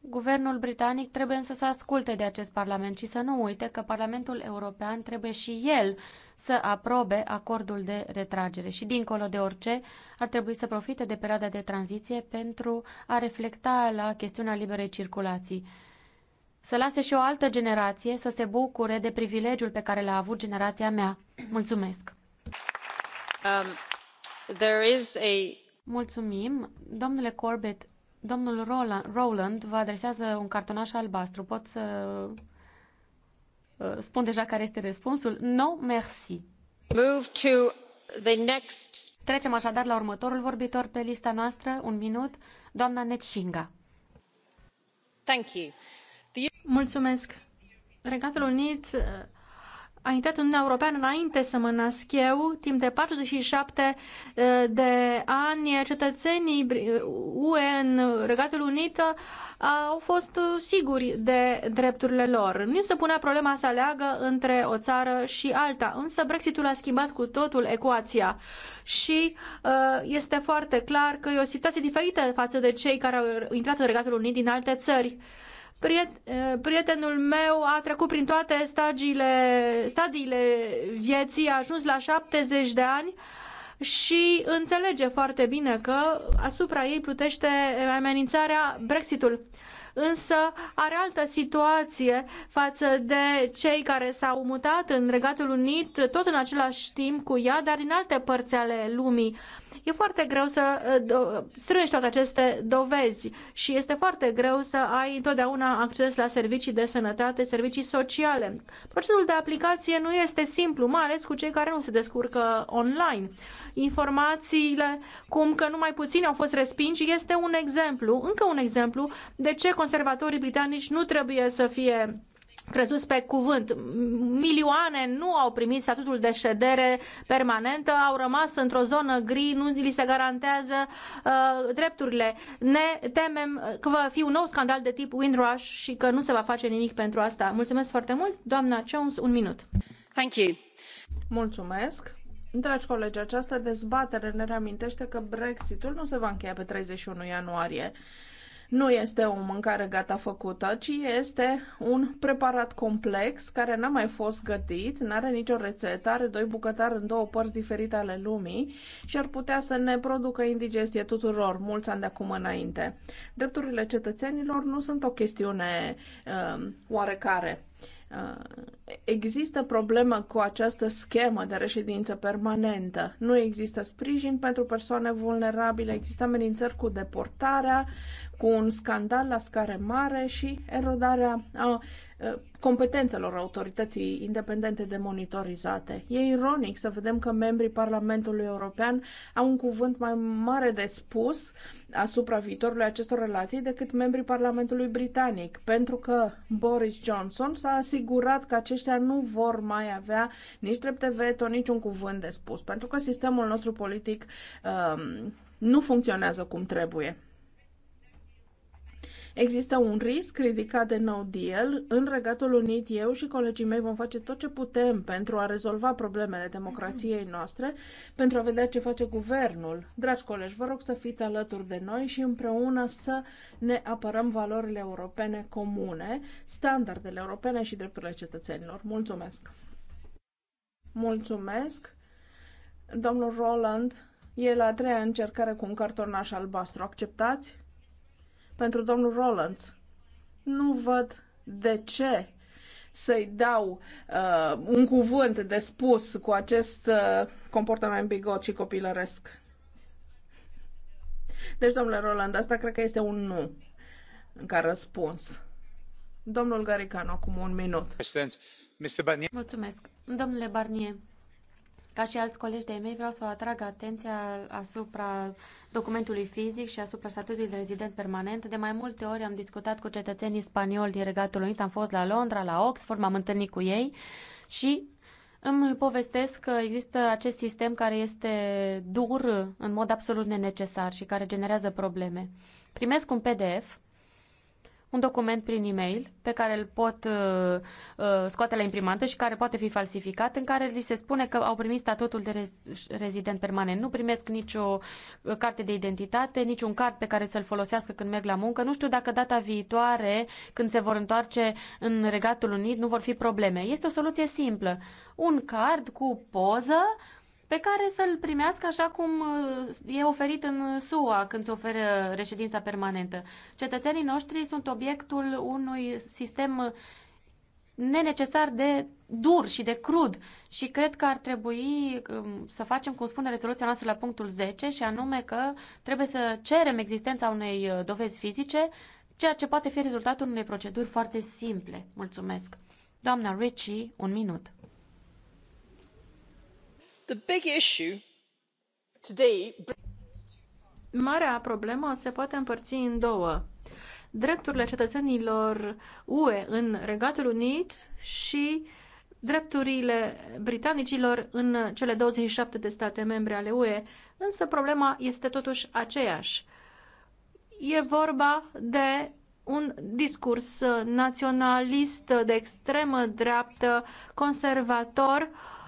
Guvernul britanic trebuie însă să asculte de acest Parlament și să nu uite că Parlamentul European trebuie și el să aprobe acordul de retragere și, dincolo de orice, ar trebui să profite de perioada de tranziție pentru a reflecta la chestiunea liberei circulații să lase și o altă generație să se bucure de privilegiul pe care l-a avut generația mea. Mulțumesc! Um, there is a... Mulțumim. Domnule Corbett, domnul Roland, Roland vă adresează un cartonaș albastru. Pot să uh, spun deja care este răspunsul? No, merci. Move to the next... Trecem așadar la următorul vorbitor pe lista noastră. Un minut. Doamna Netshinga. Thank you. Mulțumesc. Regatul Unit uh, a intrat în Uniunea Europeană înainte să mă nasc eu, timp de 47 uh, de ani, cetățenii UE uh, în Regatul Unit au fost siguri de drepturile lor. Nu se punea problema să aleagă între o țară și alta, însă Brexitul a schimbat cu totul ecuația și este foarte clar că e o situație diferită față de cei care au intrat în Regatul Unit din alte țări Eh, prietenul meu a trecut prin toate stagiile, stadiile vieții, a ajuns la 70 de ani și înțelege foarte bine că asupra ei plutește amenințarea Brexitul. Însă are altă situație față de cei care s-au mutat în Regatul Unit, tot în același timp cu ea, dar din alte părți ale lumii. E foarte greu să uh, strângi toate aceste dovezi și este foarte greu să ai întotdeauna acces la servicii de sănătate, servicii sociale. Procesul de aplicație nu este simplu, mai ales cu cei care nu se descurcă online. Informațiile cum că numai puțini au fost respinși este un exemplu, încă un exemplu de ce conservatorii britanici nu trebuie să fie crezuți pe cuvânt. Milioane nu au primit statutul de ședere permanentă, au rămas într-o zonă gri, nu li se garantează uh, drepturile. Ne temem că va fi un nou scandal de tip Windrush și că nu se va face nimic pentru asta. Mulțumesc foarte mult. Doamna Jones, un minut. Thank you. Mulțumesc. Dragi colegi, această dezbatere ne reamintește că Brexitul nu se va încheia pe 31 ianuarie. Nu este o mâncare gata făcută, ci este un preparat complex care n-a mai fost gătit, nu are nicio rețetă, are doi bucătari în două părți diferite ale lumii și ar putea să ne producă indigestie tuturor mulți ani de acum înainte. Drepturile cetățenilor nu sunt o chestiune um, uh, oarecare. Există problemă cu această schemă de reședință permanentă. Nu există sprijin pentru persoane vulnerabile, există amenințări cu deportarea, cu un scandal la scară mare și erodarea a competențelor autorității independente de monitorizate. E ironic să vedem că membrii Parlamentului European au un cuvânt mai mare de spus asupra viitorului acestor relații decât membrii Parlamentului Britanic, pentru că Boris Johnson s-a asigurat că aceștia nu vor mai avea nici drept de veto, nici un cuvânt de spus, pentru că sistemul nostru politic A, um, nu funcționează cum trebuie. Există un risc ridicat de no deal. În Regatul Unit, eu și colegii mei vom face tot ce putem pentru a rezolva problemele democrației noastre, pentru a vedea ce face guvernul. Dragi colegi, vă rog să fiți alături de noi și împreună să ne apărăm valorile europene comune, standardele europene și drepturile cetățenilor. Mulțumesc! Mulțumesc! Domnul Roland, e la a treia încercare cu un cartonaș albastru. Acceptați? pentru domnul Rollins. Nu văd de ce să-i dau uh, un cuvânt de spus cu acest uh, comportament bigot și copilăresc. Deci, domnule Roland, asta cred că este un nu în care răspuns. Domnul Garicano, acum un minut. Mulțumesc. Domnule Barnier, ca și alți colegi de mei, vreau să atrag atenția asupra documentului fizic și asupra statutului de rezident permanent. De mai multe ori am discutat cu cetățenii spanioli din Regatul Unit, am fost la Londra, la Oxford, m-am întâlnit cu ei și îmi povestesc că există acest sistem care este dur în mod absolut nenecesar și care generează probleme. Primesc un PDF un document prin e-mail pe care îl pot uh, uh, scoate la imprimantă și care poate fi falsificat, în care li se spune că au primit statutul de rez- rezident permanent. Nu primesc nicio uh, carte de identitate, niciun card pe care să-l folosească când merg la muncă. Nu știu dacă data viitoare, când se vor întoarce în Regatul Unit, nu vor fi probleme. Este o soluție simplă. Un card cu poză pe care să-l primească așa cum uh, e oferit în SUA când se oferă reședința permanentă. Cetățenii noștri sunt obiectul unui sistem uh, nenecesar de dur și de crud și cred că ar trebui um, să facem, cum spune rezoluția noastră la punctul 10, și anume că trebuie să cerem existența unei uh, dovezi fizice, ceea ce poate fi rezultatul unei proceduri foarte simple. Mulțumesc. Doamna Ricci, un minut. Marea problemă se poate împărți în două. Drepturile cetățenilor UE în Regatul Unit și drepturile britanicilor în cele 27 de state membre ale UE, însă problema este totuși aceeași. E vorba de un discurs naționalist de extremă dreaptă, conservator, uh,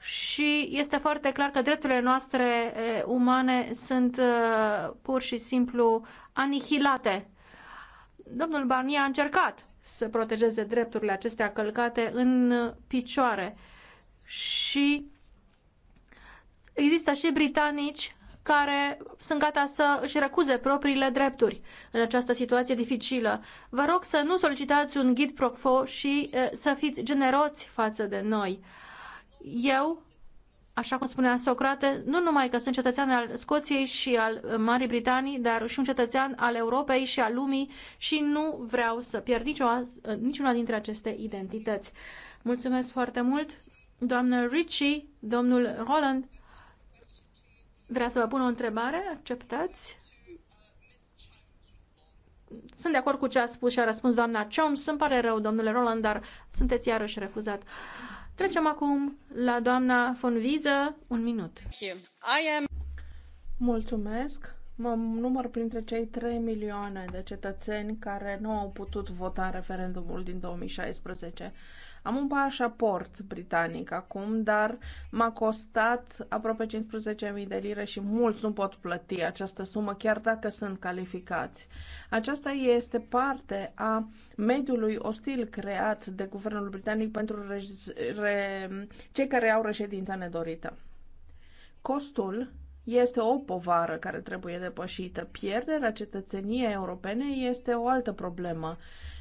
și este foarte clar că drepturile noastre umane sunt pur și simplu anihilate. Domnul Barnier a încercat să protejeze drepturile acestea călcate în picioare și există și britanici care sunt gata să își recuze propriile drepturi în această situație dificilă. Vă rog să nu solicitați un ghid profo și să fiți generoți față de noi eu, așa cum spunea Socrate, nu numai că sunt cetățean al Scoției și al Marii Britanii, dar și un cetățean al Europei și al lumii și nu vreau să pierd nicio, niciuna dintre aceste identități. Mulțumesc foarte mult, doamnă Ritchie, domnul Roland. Vrea să vă pun o întrebare? Acceptați? Sunt de acord cu ce a spus și a răspuns doamna Chom. Îmi pare rău, domnule Roland, dar sunteți iarăși refuzat. Uh, Trecem acum la doamna von Viză, un minut. I am Mulțumesc. Mă număr printre cei 3 milioane de cetățeni care nu au putut vota în referendumul din 2016. Am un pașaport britanic acum, dar m-a costat aproape 15.000 de lire și mulți nu pot plăti această sumă, chiar dacă sunt calificați. Aceasta este parte a mediului ostil creat de guvernul britanic pentru cei care au reședința nedorită. Costul este o povară care trebuie depășită. Pierderea cetățeniei europene este o altă problemă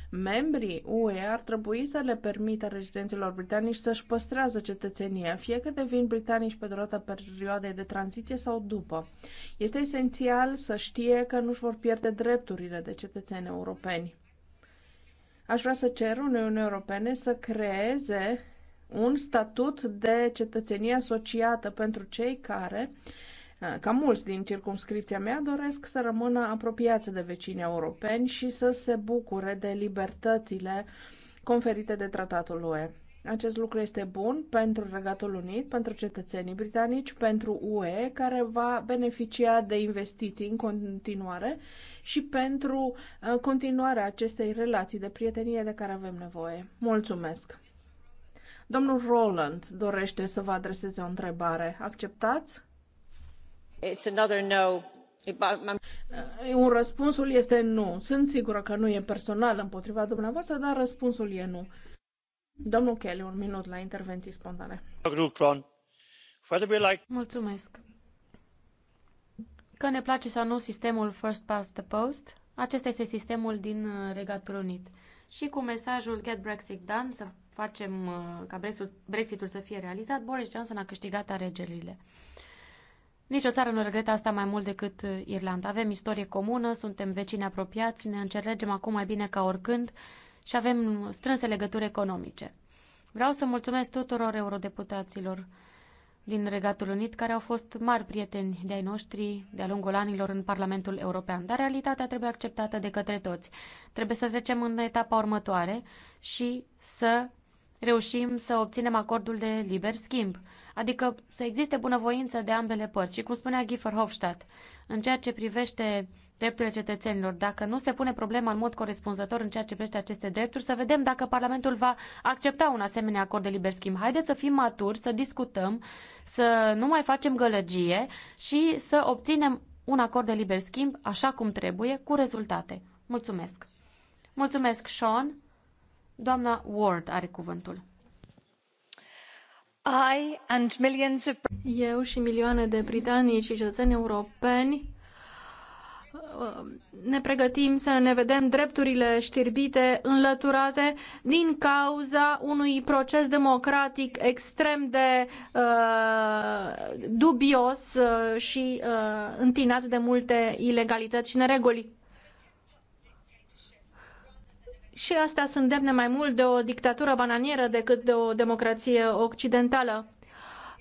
Membrii UE ar trebui să le permită rezidenților britanici să-și păstrează cetățenia, fie că devin britanici pe durata perioadei de tranziție sau după. Este esențial să știe că nu-și vor pierde drepturile de cetățeni europeni. Aș vrea să cer Uniunii Europene să creeze un statut de cetățenie asociată pentru cei care Eh, ca mulți din circumscripția mea, doresc să rămână apropiați de vecinii europeni și să se bucure de libertățile conferite de tratatul UE. Acest lucru este bun pentru Regatul Unit, pentru cetățenii britanici, pentru UE, care va beneficia de investiții în continuare și pentru eh, continuarea acestei relații de prietenie de care avem nevoie. Mulțumesc! Domnul Roland dorește să vă adreseze o întrebare. Acceptați? Un răspunsul este nu. Sunt sigură că nu e personal împotriva dumneavoastră, dar răspunsul e nu. Domnul Kelly, un minut la intervenții spontane. Mulțumesc. Că ne place sau nu sistemul First Past the Post, acesta este sistemul din uh, Regatul Unit. Și cu mesajul Get Brexit Done, să facem uh, ca Brexitul să fie realizat, Boris Johnson a câștigat alegerile. Nici o țară nu regretă asta mai mult decât uh, Irlanda. Avem istorie comună, suntem vecini apropiați, ne înțelegem acum mai bine ca oricând și avem strânse legături economice. Vreau să mulțumesc tuturor eurodeputaților din Regatul Unit, care au fost mari prieteni de-ai noștri de-a lungul anilor în Parlamentul European. Dar realitatea trebuie acceptată de către toți. Trebuie să trecem în etapa următoare și să reușim să obținem acordul de liber schimb, adică să existe bunăvoință de ambele părți. Și cum spunea Giffer Hofstadt, în ceea ce privește drepturile cetățenilor, dacă nu se pune problema în mod corespunzător în ceea ce privește aceste drepturi, să vedem dacă Parlamentul va accepta un asemenea acord de liber schimb. Haideți să fim maturi, să discutăm, să nu mai facem gălăgie și să obținem un acord de liber schimb așa cum trebuie, cu rezultate. Mulțumesc! Mulțumesc, Sean! Doamna Ward are cuvântul. I and millions of... Eu și milioane de britanici și cetățeni europeni uh, ne pregătim să ne vedem drepturile știrbite, înlăturate din cauza unui proces democratic extrem de uh, dubios uh, și uh, întinat de multe ilegalități și nereguli și astea sunt demne mai mult de o dictatură bananieră decât de o democrație occidentală.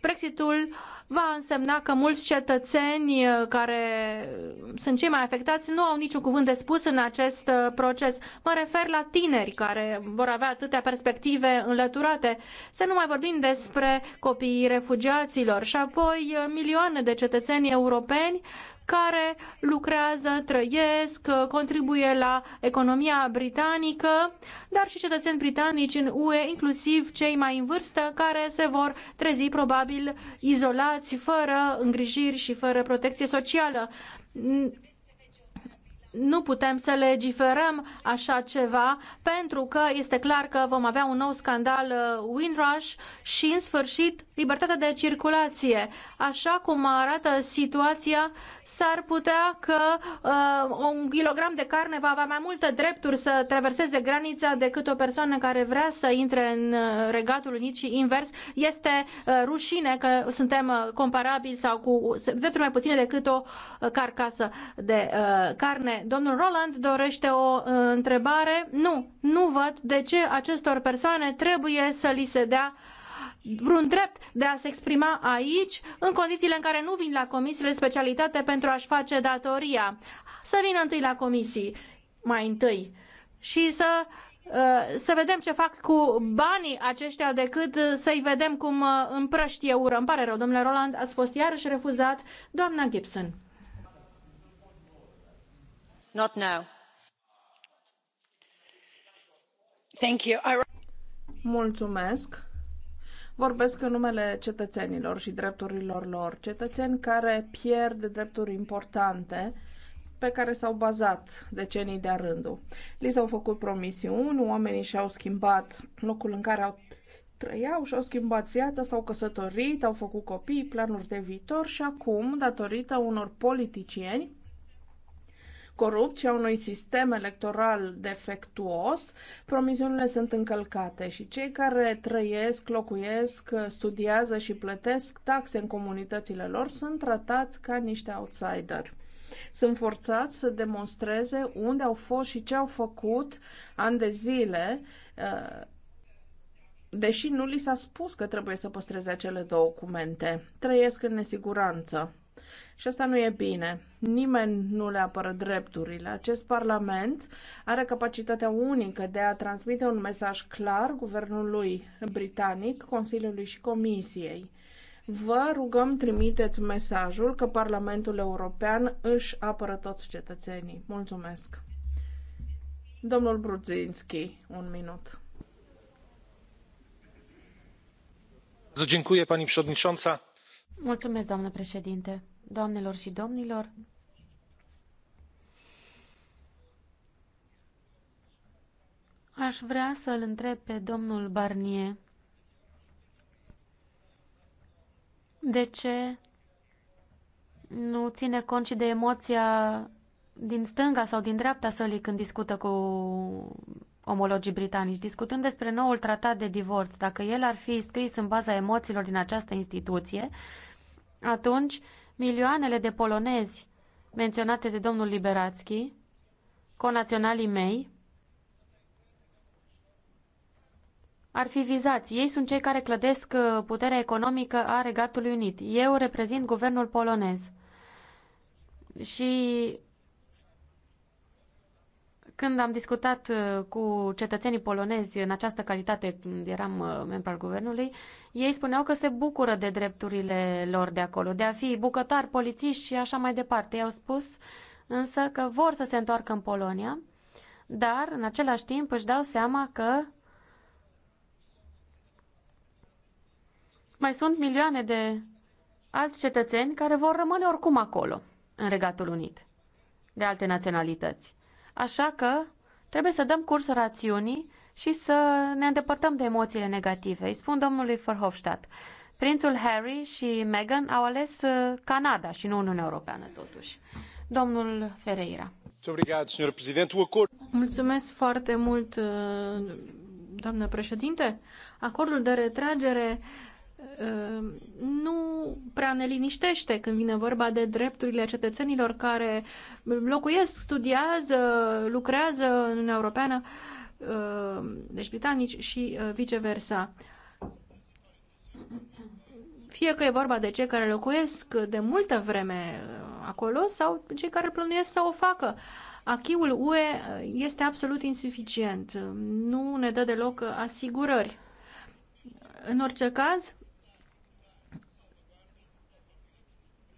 Brexitul va însemna că mulți cetățeni care sunt cei mai afectați nu au niciun cuvânt de spus în acest proces. Mă refer la tineri care vor avea atâtea perspective înlăturate. Să nu mai vorbim despre copiii refugiaților și apoi milioane de cetățeni europeni care lucrează, trăiesc, contribuie la economia britanică, dar și cetățeni britanici în UE, inclusiv cei mai în vârstă, care se vor trezi probabil izolați, fără îngrijiri și fără protecție socială nu putem să legiferăm așa ceva pentru că este clar că vom avea un nou scandal uh, Windrush și în sfârșit libertatea de circulație. Așa cum arată situația, s-ar putea că uh, un kilogram de carne va avea mai multe drepturi să traverseze granița decât o persoană care vrea să intre în uh, Regatul Unit și invers. Este uh, rușine că suntem uh, comparabili sau cu drepturi mai puține decât o carcasă de uh, carne Domnul Roland dorește o uh, întrebare? Nu, nu văd de ce acestor persoane trebuie să li se dea vreun drept de a se exprima aici, în condițiile în care nu vin la comisiile specialitate pentru a-și face datoria. Să vină întâi la comisii, mai întâi, și să uh, să vedem ce fac cu banii aceștia decât să-i vedem cum uh, împrăștie ură. Îmi pare rău, domnule Roland, ați fost iarăși refuzat. Doamna Gibson. Mulțumesc. Vorbesc în numele cetățenilor și drepturilor lor. Cetățeni care pierd drepturi importante pe care s-au bazat decenii de-a rândul. Li s-au făcut promisiuni, oamenii și-au schimbat locul în care au trăiau și-au schimbat viața, s-au căsătorit, au făcut copii, planuri de viitor și acum, datorită unor politicieni, Corupție, a unui sistem electoral defectuos, promisiunile sunt încălcate și cei care trăiesc, locuiesc, studiază și plătesc taxe în comunitățile lor sunt tratați ca niște outsideri. Sunt forțați să demonstreze unde au fost și ce au făcut ani de zile uh, deși nu li s-a spus că trebuie să păstreze acele documente. Trăiesc în nesiguranță. Și asta nu e bine. Nimeni nu le apără drepturile. Acest Parlament are capacitatea unică de a transmite un mesaj clar guvernului britanic, Consiliului și Comisiei. Vă rugăm trimiteți mesajul că Parlamentul European își apără toți cetățenii. Mulțumesc. Domnul Brudzinski, un minut. Mulțumesc, doamnă președinte doamnelor și domnilor, aș vrea să-l întreb pe domnul Barnier de ce nu ține cont și de emoția din stânga sau din dreapta sălii când discută cu omologii britanici, discutând despre noul tratat de divorț. Dacă el ar fi scris în baza emoțiilor din această instituție, atunci milioanele de polonezi menționate de domnul Liberațchi, conaționalii mei, ar fi vizați. Ei sunt cei care clădesc uh, puterea economică a Regatului Unit. Eu reprezint guvernul polonez. Și când am discutat uh, cu cetățenii polonezi în această calitate, când eram uh, membru al guvernului, ei spuneau că se bucură de drepturile lor de acolo, de a fi bucătari, polițiști și așa mai departe. Ei au spus însă că vor să se întoarcă în Polonia, dar în același timp își dau seama că mai sunt milioane de alți cetățeni care vor rămâne oricum acolo, în Regatul Unit, de alte naționalități. Așa că trebuie să dăm curs rațiunii și să ne îndepărtăm de emoțiile negative. Îi spun domnului Verhofstadt. Prințul Harry și Meghan au ales uh, Canada și nu Uniunea Europeană, totuși. Domnul Ferreira. Mulțumesc foarte mult, uh, doamnă președinte. Acordul de retragere Ehm, nu prea ne liniștește când vine vorba de drepturile cetățenilor care locuiesc, studiază, lucrează în Uniunea Europeană, ehm, deci britanici și eh, viceversa. Fie că e vorba de cei care locuiesc de multă vreme eh, acolo sau cei care plănuiesc să o facă. Achiul UE eh, este absolut insuficient, nu ne dă deloc asigurări. În orice caz,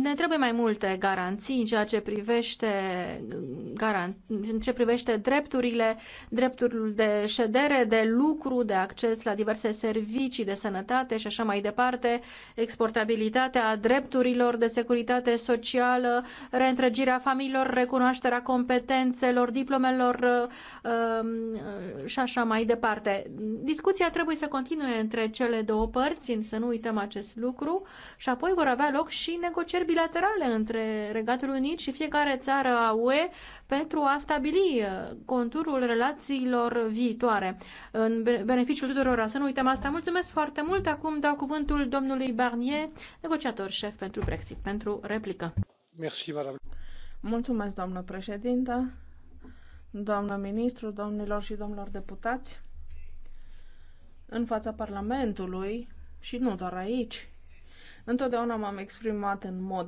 Ne trebuie mai multe garanții în ceea ce privește, în ce privește drepturile, drepturile de ședere, de lucru, de acces la diverse servicii de sănătate și așa mai departe, exportabilitatea drepturilor de securitate socială, reîntregirea familiilor, recunoașterea competențelor, diplomelor um, și așa mai departe. Discuția trebuie să continue între cele două părți, să nu uităm acest lucru și apoi vor avea loc și negocieri negocieri bilaterale între Regatul Unit și fiecare țară a UE pentru a stabili uh, conturul relațiilor viitoare. În beneficiul tuturor, să nu uităm asta. Mulțumesc foarte mult. Acum dau cuvântul domnului Barnier, negociator șef pentru Brexit, pentru replică. Merci, madame. Mulțumesc, doamnă președintă, doamnă ministru, domnilor și domnilor deputați. În fața Parlamentului, și nu doar aici, Întotdeauna m-am exprimat în mod